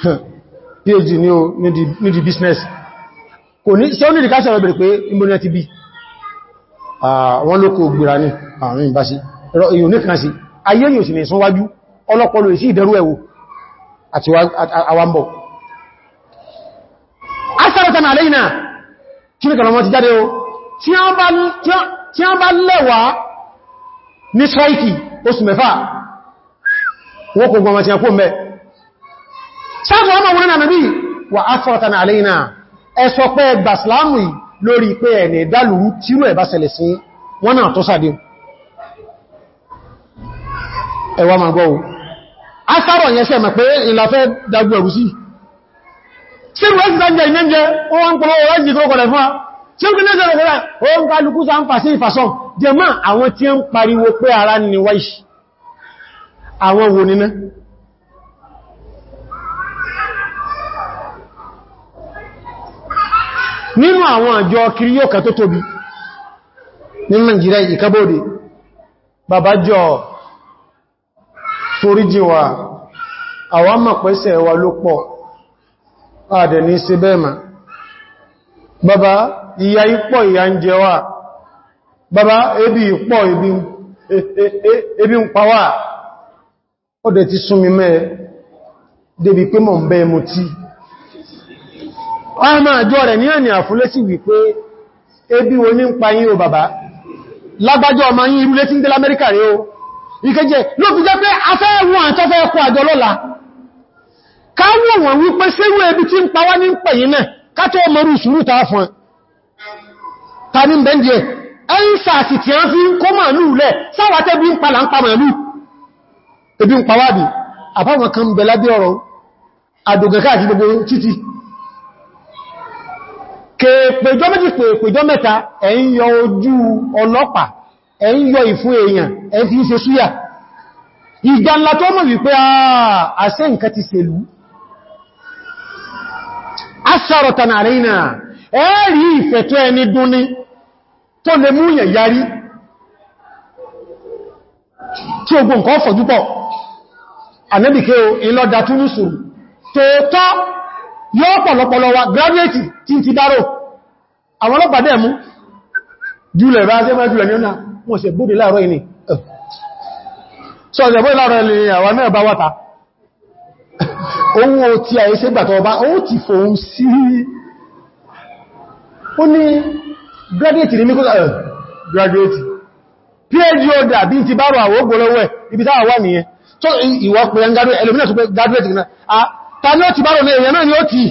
phd ní o ní di business kò ní ṣe ó ní ìdíkáṣẹ́ rẹ̀ bèèrè pé ìmúni ti bí ah, wọ́n ló kò gbìra ní àrùn ìbáṣí èyò ní kan sí ayé yóò sì ní ìsúnwájú ọlọ́pọlọ ìsí ìdẹrú ẹ̀wò àti àwambọ̀ asaratan tí wọ́n bá lẹ́wàá ní ṣáìkì oṣù mẹ́fà wọ́n kò gbọmọ̀ tí a kó mẹ́ ṣáàtù ọmọ wọn náà bí wà áfọ́tàn àlẹ́yìnà ẹsọ pé ẹgbà sláàmù lórí pé ẹ̀nà ìdálùú tí ó ẹ̀bá ṣẹlẹ̀ sí wọ́n náà tó sàdé ẹwà máa gbọ́ asárọ̀ yẹn sẹ́ mẹ́ pé ìlàfẹ́ dagbù ẹ̀rù sí sírù ẹ̀sì sáńjẹ jẹmọ́ àwọn tí ó ń pariwo pé ara ní wáìṣì àwọn wo níná nínú àwọn àjọ kiri yóò kà tó tóbi ní Nàìjíríà ìkábòdè babájọ́ foríjìwà àwọn mọ̀pẹ́sẹ̀ wa ló pọ̀ àdẹ̀ ní sí bẹ́ẹ̀mà bàbá ìyà ipọ̀ ìyà ń jẹ bàbá ebi pọ̀ ebi ń e, e, pa wá ọdẹ̀ ti súnmi mẹ́ débi pé mọ̀ ń bẹ́ mú tí a máa jọ rẹ̀ ní ẹni àfúnlẹ́sì wípé ebi wo ní ń pa yín o bàbá lágbájọ́ ọmọ yín irú létí ń dé l'Amẹ́ríkà rẹ̀ o ìkẹjẹ́ ló fi jẹ́ pé afẹ́ẹ̀wọ̀n àtọ́fẹ́ ẹkọ́ àjọ lọ́la ebi tí ń pa wá ní ń pẹ̀yìn náà kátọ́ ẹ́nsàsì tí a fi ń kó màálù lẹ̀ sáwàtẹ́ bí ń pa láńpa màálù ebi ń pàwàbí àbáwọn kan bẹ̀ lábẹ́ ọ̀rọ̀ àdògẹ́ká àti gbogbo títí kèèpèjọ́ méjì kèèpèjọ́ mẹ́ta ẹ̀ ń yọ ojú ọlọ́pàá ẹ̀ ń yọ ìfún èèyàn ẹ̀ fi ń ṣe súyà ìgbàlá tó mọ̀ wípé àṣẹ nǹkan ti ṣèlú asọ̀rọ̀tàn àrínà ẹ̀rí ìfẹ̀tọ́ ẹni dún ní tó lè mú yẹ̀ yarí tí ogun nǹkan fọ̀jú pọ̀ anẹ́bìké o ìlọ́dà túnú sùúrù tòótọ́ yóò pọ̀lọpọ̀lọ wa graduate tí ti dárò àwọn ọlọ́pàá dẹ̀ mú jùlẹ̀ bá ṣe mẹ́jùlẹ̀ ní ọ̀nà wọ́n ṣe bóde láàrọ̀ ìní sọ́ọ̀sẹ̀ bóde láàrọ̀ ilẹ̀ àwọn náà bá ó ní graduate ní míkọ́ eh, graduate phd order bí ti bára àwọ̀ ògbòlówẹ́ ibi táwà wà nìyẹn tó ìwọ̀ pẹ̀lẹ̀ ń graduate ẹlòmínà tó pẹ̀ graduate náà ah, ta ní ó ti bára ní èèyàn náà ni ó ti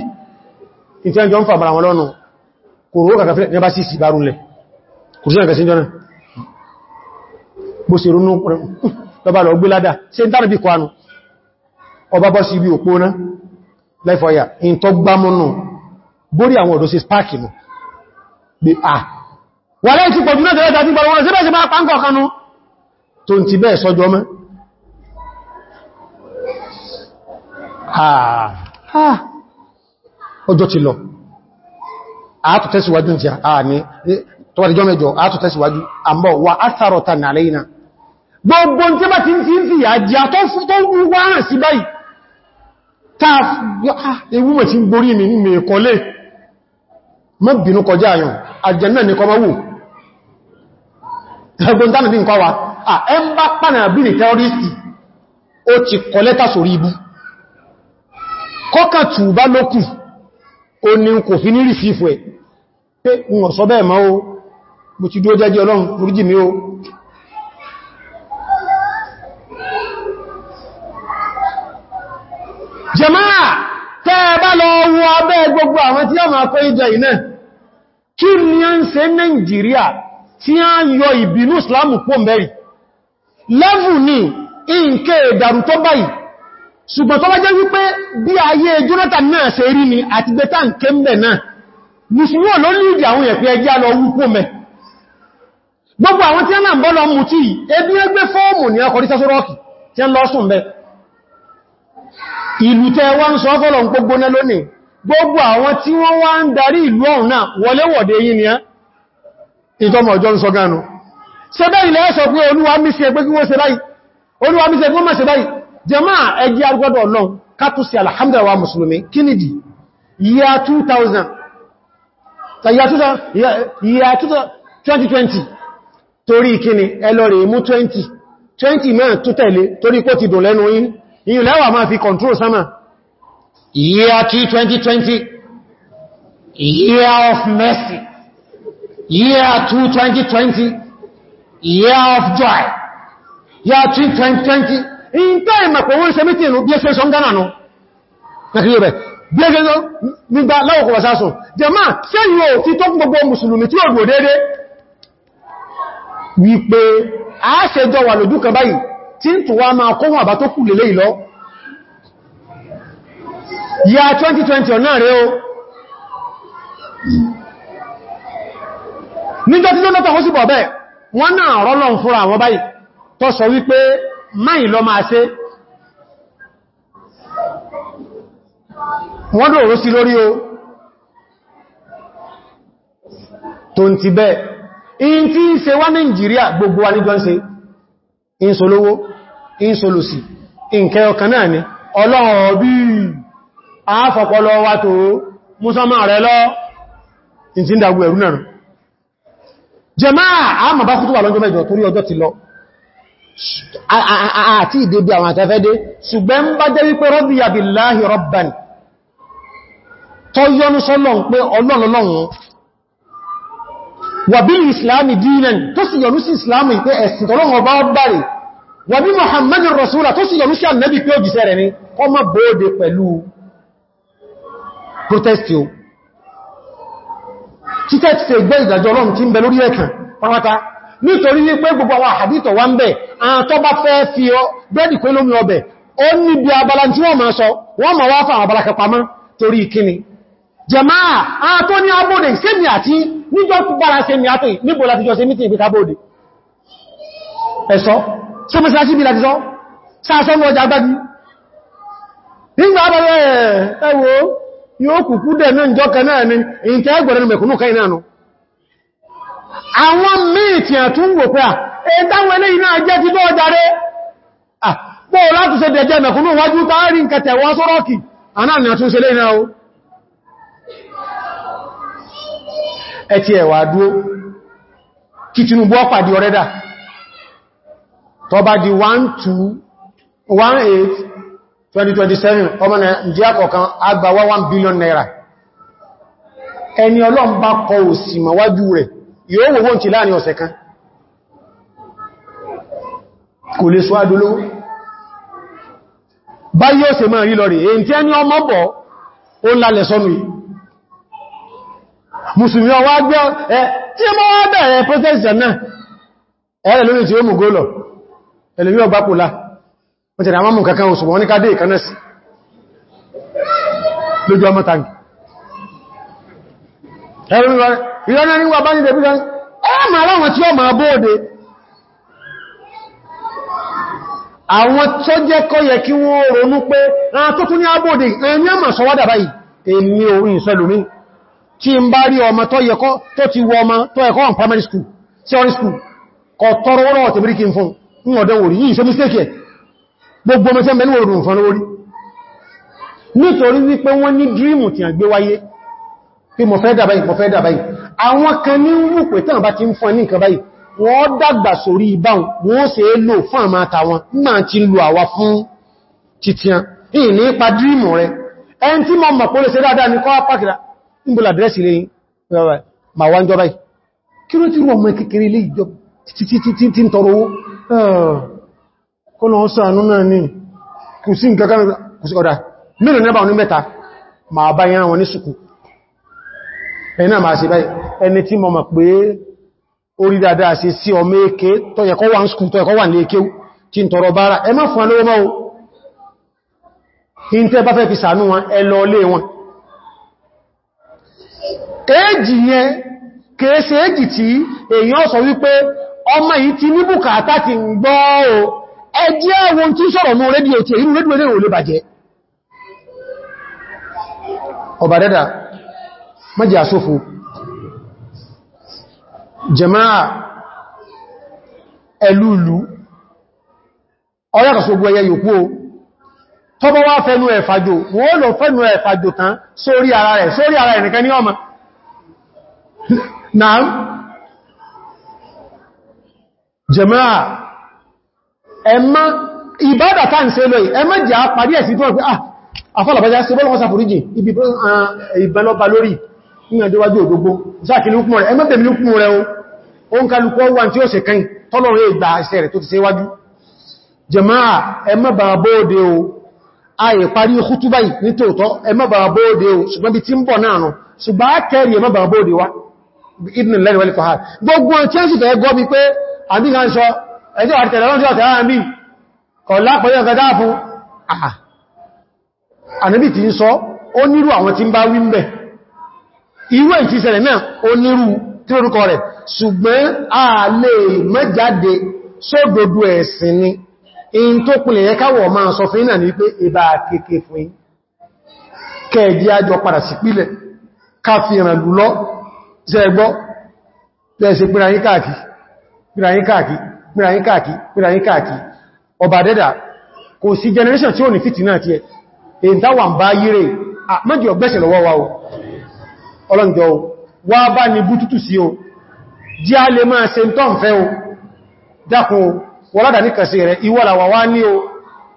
ìtẹ́ jọ ń fà bára wọn lọ́nu kò rò kàkà fílẹ̀ ní bá sí ìsìbárún lẹ̀ kò sí ẹ̀kẹ́ sí jọ́nà bó sì rúnú lọ́bà lọ gbé ládà sí ń tàbí kwanu ọba bọ́ sí ibi òpó náà láìfọ́yà in tó gbámọ́nù bórí àwọn ọ̀dọ́ sí spark náà bí a, wà lẹ́yìn tí pọ̀jù mẹ́ta lẹ́ta tí gbọ́rọ̀ wọn síbẹ̀ sí máa pàǹkọ̀ kanú tó ń ti bẹ́ẹ̀ sọ́jọ́ mẹ́ ọjọ́ ti lọ àátọ̀tẹ́síwájú ti àní tọwàdíjọ́ mẹ́jọ àátọ̀tẹ́síwájú àmbọ̀ wà átàrọ̀ta nàlẹ́yìnà gbogbo tí bá ti ń fi ń fi àjíyà tó fún tó wúwárán sí báyìí mi ní mọ́ bínú kọjá àyàn àjẹ́mẹ́ ní kọmọ wù ẹgbọ́n tánàbí ń kọ́ wa à ẹ ń bá pànà bí ní tẹ́ọ́rìsì ó ti kọ lẹ́tà sórí ibú kọ́kà tù bá lókù ó ní kò fi ní rìsífù ẹ̀ pé wọ́n sọ bẹ́ẹ̀ máa ó bó ti dúó jẹ́jẹ́ ọlọ́run oríjì lọ wọ abẹ́ gbogbo àwọn tí a máa kọ́ ìjẹ ìnáà kí ni a ń ṣe Nàìjíríà tí a ń yọ ìbínú Islamu pọ̀ mẹ́rin lẹ́fù ní ǹkẹ́ ìdàrú tó báyìí ṣùgbọ́n tó bá jẹ́ wípé bí ayé Jonathan náà ṣe rí ni àti gbẹ́ta ń ké mẹ́ náà musulmi ló lìdí àwọn ẹ̀pẹ́ ẹjá lọ wúkú mẹ́ gbogbo àwọn tí a náà bọ́ lọ mú tí ebi ẹgbẹ́ fọ́ọ̀mù ní ọkọ̀ rísásọ́rọ́kì tí a lọ sùn bẹ́ ìlú tẹ́ wá ń sọ gbogbo náà lónìí gbogbo àwọn tí wọ́n wá ń darí ìlú ọ̀hún náà wọléwọ̀dé yìí ni ẹ́ ìtọ́mọ̀ ọjọ́ ń sọ gánú ṣe bẹ́ ilẹ̀ ẹ́sọ pé olúwa mi ṣe pé kí wọ́n ṣe báyìí olúwa mi ṣe pé wọ́n ṣe báyìí jẹmá ẹgbẹ́ arúgbọ́dọ̀ lọ kátó sí alhamdulillah musulmi kínìdì yíya 2000 yíya 2020 torí kíni ẹlọ́rẹ̀ mú 20 20 mẹ́rin tó tẹ̀lé torí kó ti dùn lẹ́nu yín ìyìn lẹ́wà máa fi control sáma year 2 2020 year of mercy year 2 2020 year of joy year 2 2020 in time ma kowon se meeting no bi se so ngana no takiri be bi se so mi gba lawo ko wasaso jama se yo ti to gbogbo mùsùlùmí ti odo dede wí pé a se jo wa lójú kan báyìí tin to wa ma ko won aba to kù leleyi lo ya 2020 ọ̀nà rẹ̀ o níjọ́ tí lọ́nà tàwọn sí bọ̀ bẹ́ẹ̀ wọ́n náà rọ́lọ̀ fúnra àwọn báyìí tó sọ wípé máì lọ máa ṣe wọ́n dòrò sí lórí o tó ń ti bẹ́ẹ̀ in tí ń ṣe wá Nàìjíríà gbogbo wa níjọ́ ń ṣe in solówó in solòsì in náà ni ọlọ́ọ̀bí àáfọ̀pọ̀lọ wa tó músánmà rẹ̀ lọ ìtí ń dàgbò ẹ̀rú náà a àmà bá kútùwà lọ́jọ́ mẹ́jọ torí ọjọ́ ti lọ àti ìdébí àwọn àtẹ́fẹ́dé ṣùgbọ́n bá jẹ́ wípé radiya billahi rabban tó yọ́nú sọ́lọ́n pé ọlọ́lọ́lọ́run wa bil islami dinan tó sì yọ́nú sí islamu pé ẹ̀sìn tọ́lọ́run ọba ọbárì wa bi muhammadin rasula tó sì yọ́nú sí annabi pé òjíṣẹ́ rẹ̀ ni kó má bóòdé pẹ̀lú protesti o títẹ́ ti ṣe gbé ìdàjọ́ ọlọ́run tí ń bẹ lórí ẹ̀kàn pàwátá nítorí wípé gbogbo àwọn àdítọ̀ wá ń bẹ àwọn tó bá fẹ́ fi ọ bẹ́ẹ̀dì pé lómi ọbẹ̀ ó níbi abala tí wọ́n máa sọ wọ́n máa wá fà abala kẹpamọ́ torí ìkíni jẹmáà àwọn tó ní abóde sẹ́mi àti níjọ́ bára sẹ́mi àti níbo láti jọ ṣe mítì ìgbé kábóde ẹ̀sọ́ sọmọsíláṣí bí láti sọ sáà sọ́mọ ọjà gbájú nígbà abẹ́rẹ́ yóò kùkú dẹ̀ náà jọ́ka náà ni èyí tí ẹgbẹ̀rẹ̀ mẹ̀kúnnù ká iná nù àwọn mìírìtì àtúnwò pé à ẹ̀dáwọn ilé iná jẹ́ ti bọ́ ọjàrẹ́ àpọ̀ láti dẹ̀jẹ́ mẹ̀kúnnù wájú táàrí 2027 ọmọ Nàìjíríà kọ̀ọ̀kan agba wá 1 billion naira ẹni ọlọ́run bá kọ òsì mọ̀wájú rẹ̀ yóò wòwò tí láàrin ọ̀sẹ̀ kan kò lè sọ adúló bá yóò ṣe máa rí lọ rí èyí tí ẹni ọmọ bọ̀ ó lálẹ̀ sọ́nù mùsùlùmí ọwá gbẹ́ ẹ tí mọ́ wá bẹ̀rẹ̀ protest náà ẹ̀rẹ̀ lórí tí ó mú gólọ̀ ẹ̀lẹ̀mí ọgbápùlá wọ́n tẹ̀rẹ àwọn mú kankan oṣù wọ́n ní kádé ìkanẹ́sì lójú ọmọ tàbí ẹ̀rùn ìrọ́nà ní wà bá ní dẹ̀bí sáré ẹ̀mà aláwọn tí ó àwọn tó jẹ́ kọ́ yẹ kí wọ́n ronú pé tó tún ní ẹni ọmọ sọwádà báyìí èmi ìṣẹ́lùmí tí ń bá rí ọmọ tó yẹkọ́ tó ti wọ ọmọ tó yẹkọ́ wọn primary school kọ̀ tọrọ wọ́rọ̀ tẹ̀bírí kí n fún ní gbogbo ọmọ tí a mẹ́lú òrùn fọ́n lórí nítorí wípé wọ́n ní dríìmù tí a gbé wáyé pí mọ̀ fẹ́ dàbáyì mọ̀ fẹ́ dàbáyì àwọn kan ní wù pé tán bá ti ń fún ní nǹkan báyìí wọ́n dàgbà sórí ìbáhùn wọ́n ṣe é lò fún àmà àtàwọn ma ti lù àwa fún titian ìní ipa dríìmù rẹ ẹn tí mọ̀ mọ̀ pé lè kọ́nà ọ́sàn ma bá yẹn wọn ní sùkú ẹ̀nà máa ṣe báyìí orí dáadáa ṣe sí ọmọ èké tọ́yẹ̀kọ́ wà ń tọ́yẹ̀kọ́ wà ní èké tí ń tọrọ bára ẹ má fún alówó máa tẹ́ bá fẹ́ fi sàánú wọn wípé ọmọ yìí ti ẹjẹ́ àwọn tí sọ̀rọ̀ mú rédíò tí inú rédíò léò lè bàjẹ́ ọba dẹ́dà mẹ́jẹ́ àṣòfò jẹmáà ẹlúùlú ọlọ́rọ̀ sógbó ẹyẹ yòókù tọ́bọ́ wá fẹ́nu ẹ̀fàjò wọ́n lọ fẹ́nu ẹ̀fàjò tán sórí ara rẹ̀ sórí ara rẹ̀ nìkan ní ọmọ náà jẹmáà ẹmá ìbádà tàà ń ṣe lọ ẹmá jẹ́ àpàdé ẹ̀sì ah, tó ah, rẹ̀ àfọ́lọ̀bájá sí bọ́lọ́wọ́ sàfúríjì ibi ìbẹ̀lọ́bà lórí ìyàndíwájú ògbogbo sáàkì lúkùn rẹ̀ ẹmọ́ tẹ̀mí lúkùn rẹ̀ o ń kálukọ́ wà tí ó ṣe kẹ́ tọ́lọ̀rẹ́ ìgbà àṣẹ rẹ̀ tó ti ṣe wájú jẹmáà ẹmọ́ bàbá bóòdé o ààyè parí kútúbà ní tòótọ́ ẹmọ́ bàbá bóòdé o ṣùgbọ́n bí tí ń bọ̀ náà nù ṣùgbọ́n á kẹ́rì ẹmọ́ bàbá gbogbo ọ̀tí ó sì gọ́ bí pé àbíkà ń sọ ẹjọ́ àtẹ̀lẹ̀ lọ́jọ́ àtẹ̀ àmì kọ̀lá pẹ̀lẹ̀ ọ̀gá dáàfú àà ànábì ti ń sọ ó nírú àwọn tí ń bá wí ń bẹ̀ irú èyí tí ṣẹlẹ̀ náà ó nírú tí orúkọ rẹ̀ ṣùgbọ́n a lè mẹ́jáde sódodo ẹ̀sìn ni in tó kùnlẹ̀ yẹ káwọ̀ máa sọ fún ìnàní pé ìbá kéèké fún kẹ́ẹ̀dí àjọ padà sí pílẹ̀ káfíìràn káàkì mìíràn káàkì mìíràn káàkì ọba dẹ́dà kò sí generation tí ó ní fìtì náà tí ẹ èyí táwà ń bá yíre mẹ́jì ọgbẹ́sẹ̀ lọ́wọ́ wa o ọlọ́njọ́ o wá bá ní bútútù sí o jí a lè máa ṣe tọ́ fẹ́ o dákun wọ́ládà ní kàṣẹ rẹ̀ ìwọ́làwà wá ní o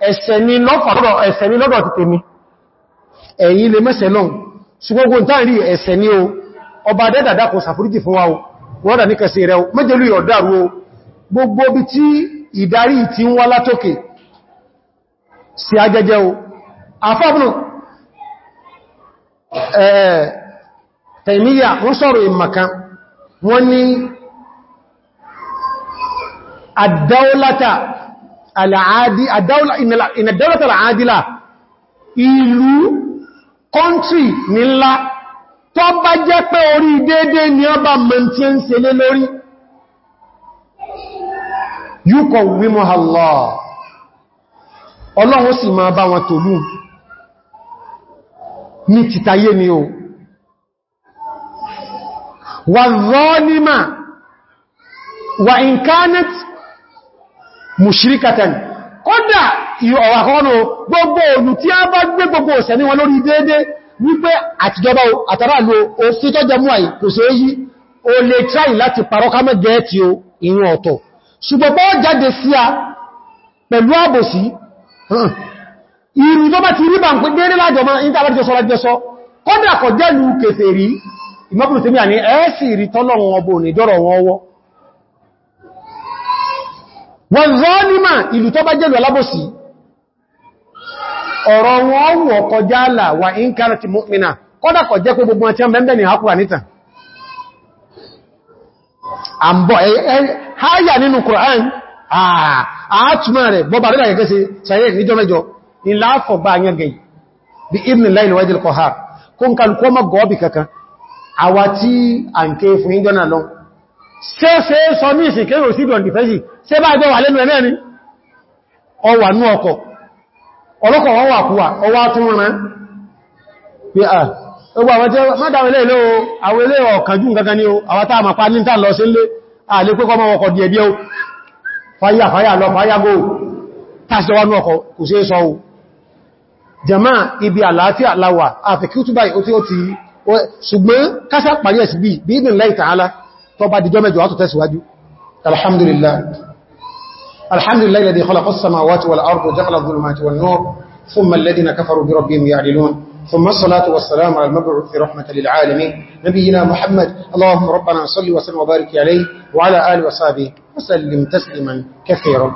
ẹ̀ṣẹ̀ ni lọ́dọ̀ ti tèmi ẹ̀yin lè mẹ́ṣẹ̀ lọ́n gbogbo bí tí ìdarí ti ń wá látókè sí ajẹjẹ o àfábùnù tẹ̀míyà wọ́n sọ̀rọ̀ ìmàkan wọ́n ní àdáólátà àdáádìlá ìlú kọ́ntì nílá tó bá jẹ́ pé orí déédéé ni ọba mẹ́ntíẹ́ ń ṣe lé lórí yúkọ̀ wímọ̀ Allah ọlọ́run sì máa bá wọn tòlú ní títayé ni o wà zọ́nímà wà incarnate mushrikatan kódà ọ̀wà kọ́nà gbogbo olù tí a bá gbé gbogbo ọ̀sẹ̀ ní wọn lórí déédé wípé àtijọba àtàrà lo òfin èyí o lè tráì láti o ìrìn ọ̀tọ̀ ṣùgbọ́pọ̀ jáde sí a pẹ̀lú àbòsí irú tó bá ti rí bá ń pín dérí lájọmọ́ ní tàbí jẹ́sọ́ lájẹ́sọ́ kọ́dà kọ̀ jẹ́lú kèfè rí ìmọ́bùn tí a ní ẹ́ẹ̀sì rí tọ́lọ̀wọ̀n ọbọ̀ ní dọ́rọ̀ wọn ọwọ́ wọ́n zọ́nímà ìlú tó bá jẹ́lú Ha eh, ẹ̀yà eh, nínú Kùrán ah rẹ̀ bọ́bà rẹ̀ gẹ́gẹ́ sí sàyẹ̀ níjọ́ mẹ́jọ ilá fọ̀gbà yẹngẹ̀ bí ibn láìlú wájìl kọ̀há kó ń kalùkọ́ mọ́ gọ́ọ̀bì kankan àwà tí a ń ké fún lọ ṣe ṣe sọ ni gbogbo àwọn tí ó mọ́dáwọn ilé ilé o àwọn ilé ọ̀kànjú gangan ni o àwọn tàà màpá ní tàà lọ sí ilé àlé pẹ́kọ́ mọ́ ọkọ̀ díẹ̀ díẹ̀ o fàyà fàyà lọ fàyà go tàṣíwánú ọkọ̀ kò sí sọ o jàmá ibi àlàáfíà láwà àfẹ́kútúbà ó tí ó ti ṣùgbọ́n kásá parí ẹ̀sì bí bí ìdìn láì tààlá tó bá dìjọ́ mẹ́jọ àtò tẹ́síwájú alhamdulillah alhamdulillah ثم الصلاة والسلام على المبعوث رحمة للعالمين نبينا محمد اللهم ربنا صل وسلم وبارك عليه وعلى آل وصحبه وسلم تسلما كثيرا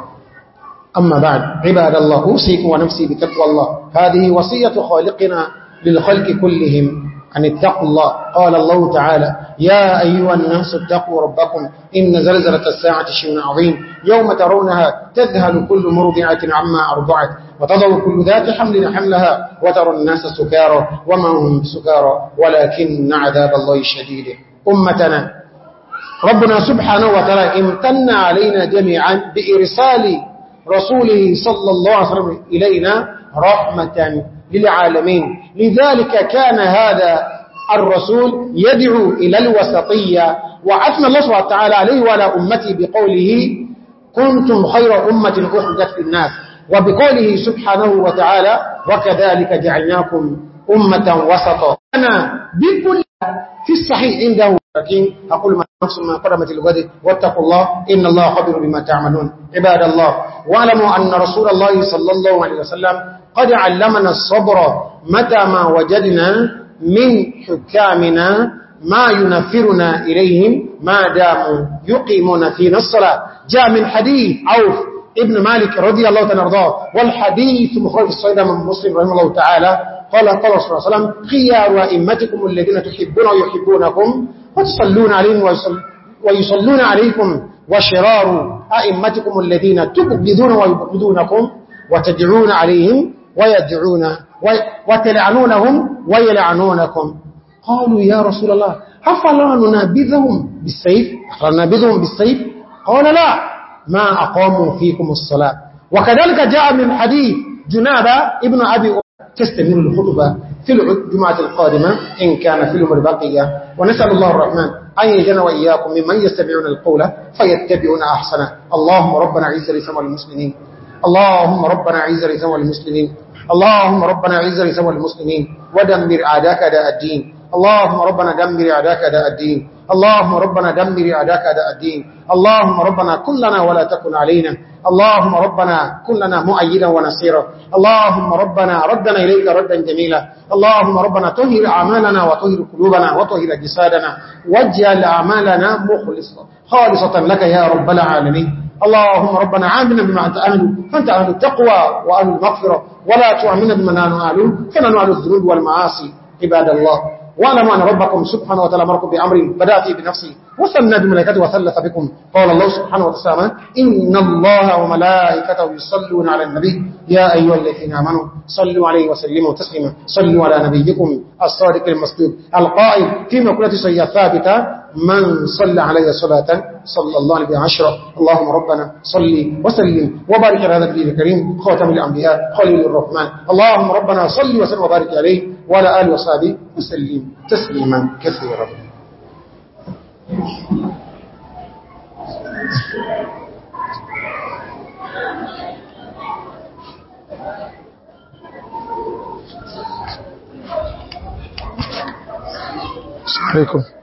أما بعد عباد الله أوصيك ونفسي بتقوى الله هذه وصية خالقنا للخلق كلهم أن اتقوا الله قال الله تعالى يا أيها الناس اتقوا ربكم إن زلزلة الساعة شيء عظيم يوم ترونها تذهل كل مرضعة عما أرضعت وتضع كل ذات حمل حملها وترى الناس سكارى وما هم سكارى ولكن عذاب الله شديد أمتنا ربنا سبحانه وتعالى امتن علينا جميعا بإرسال رسوله صلى الله عليه وسلم إلينا رحمة للعالمين لذلك كان هذا الرسول يدعو إلى الوسطية وعثم الله سبحانه وتعالى عليه وعلى أمتي بقوله كنتم خير أمة أحدث في الناس وبقوله سبحانه وتعالى وكذلك جعلناكم أمة وسطا أنا بكل في الصحيح عنده لكن أقول ما نفس من قرمة الغد واتقوا الله إن الله خبر بما تعملون عباد الله واعلموا أن رسول الله صلى الله عليه وسلم قد علمنا الصبر متى ما وجدنا من حكامنا ما ينفرنا إليهم ما داموا يقيمون فينا الصلاة جاء من حديث عوف ابن مالك رضي الله تعالى عنه والحديث مخرج الصيدة من مسلم رحمه الله تعالى قال قال صلى الله عليه وسلم خيار أئمتكم الذين تحبون ويحبونكم وتصلون عليهم ويصلون عليكم وشرار أئمتكم الذين تبغضون ويبغضونكم وتدعون عليهم ويدعون وتلعنونهم ويلعنونكم قالوا يا رسول الله أفلا ننابذهم بالسيف أفلا ننابذهم بالسيف قال لا ما أقاموا فيكم الصلاة وكذلك جاء من حديث جنابة ابن أبي تستمر الخطبة في الجمعة القادمة إن كان في الأمر بقية ونسأل الله الرحمن أن يجن وإياكم ممن يستمعون القول فيتبعون أحسنه اللهم ربنا عز لسوى المسلمين اللهم ربنا عز لسوى المسلمين اللهم ربنا عز لسوى المسلمين ودمر أعداك أداء الدين اللهم ربنا دمر أعداك أداء الدين اللهم ربنا دمر أعداك أداء الدين اللهم ربنا كلنا ولا تكن علينا اللهم ربنا كلنا مؤيدا ونصيرا اللهم ربنا ردنا إليك ردا جميلا اللهم ربنا تهر أعمالنا وتهر قلوبنا وتهر جسادنا واجعل أعمالنا مخلصة خالصة لك يا رب العالمين اللهم ربنا عاملنا بما أنت أهل فأنت أهل التقوى وأهل المغفرة ولا تعاملنا بما نحن أهل الذنوب والمعاصي عباد الله واعلموا أن ربكم سبحانه وتعالى مركم بأمر بدأ فيه بنفسه وثنى بملائكته وثلث بكم قال الله سبحانه وتعالى إن الله وملائكته يصلون على النبي يا أيها الذين آمنوا صلوا عليه وسلموا تسلموا صلوا على نبيكم الصادق المصدوق القائل في مقولة سيئة ثابتة من صلى علي صلاة صلى الله عليه عشرة اللهم ربنا صلي وسلم وبارك على هذا الدين الكريم خاتم الأنبياء خليل الرحمن اللهم ربنا صلي وسلم وبارك عليه وعلى آل وصحبه وسلم تسليما كثيرا عليكم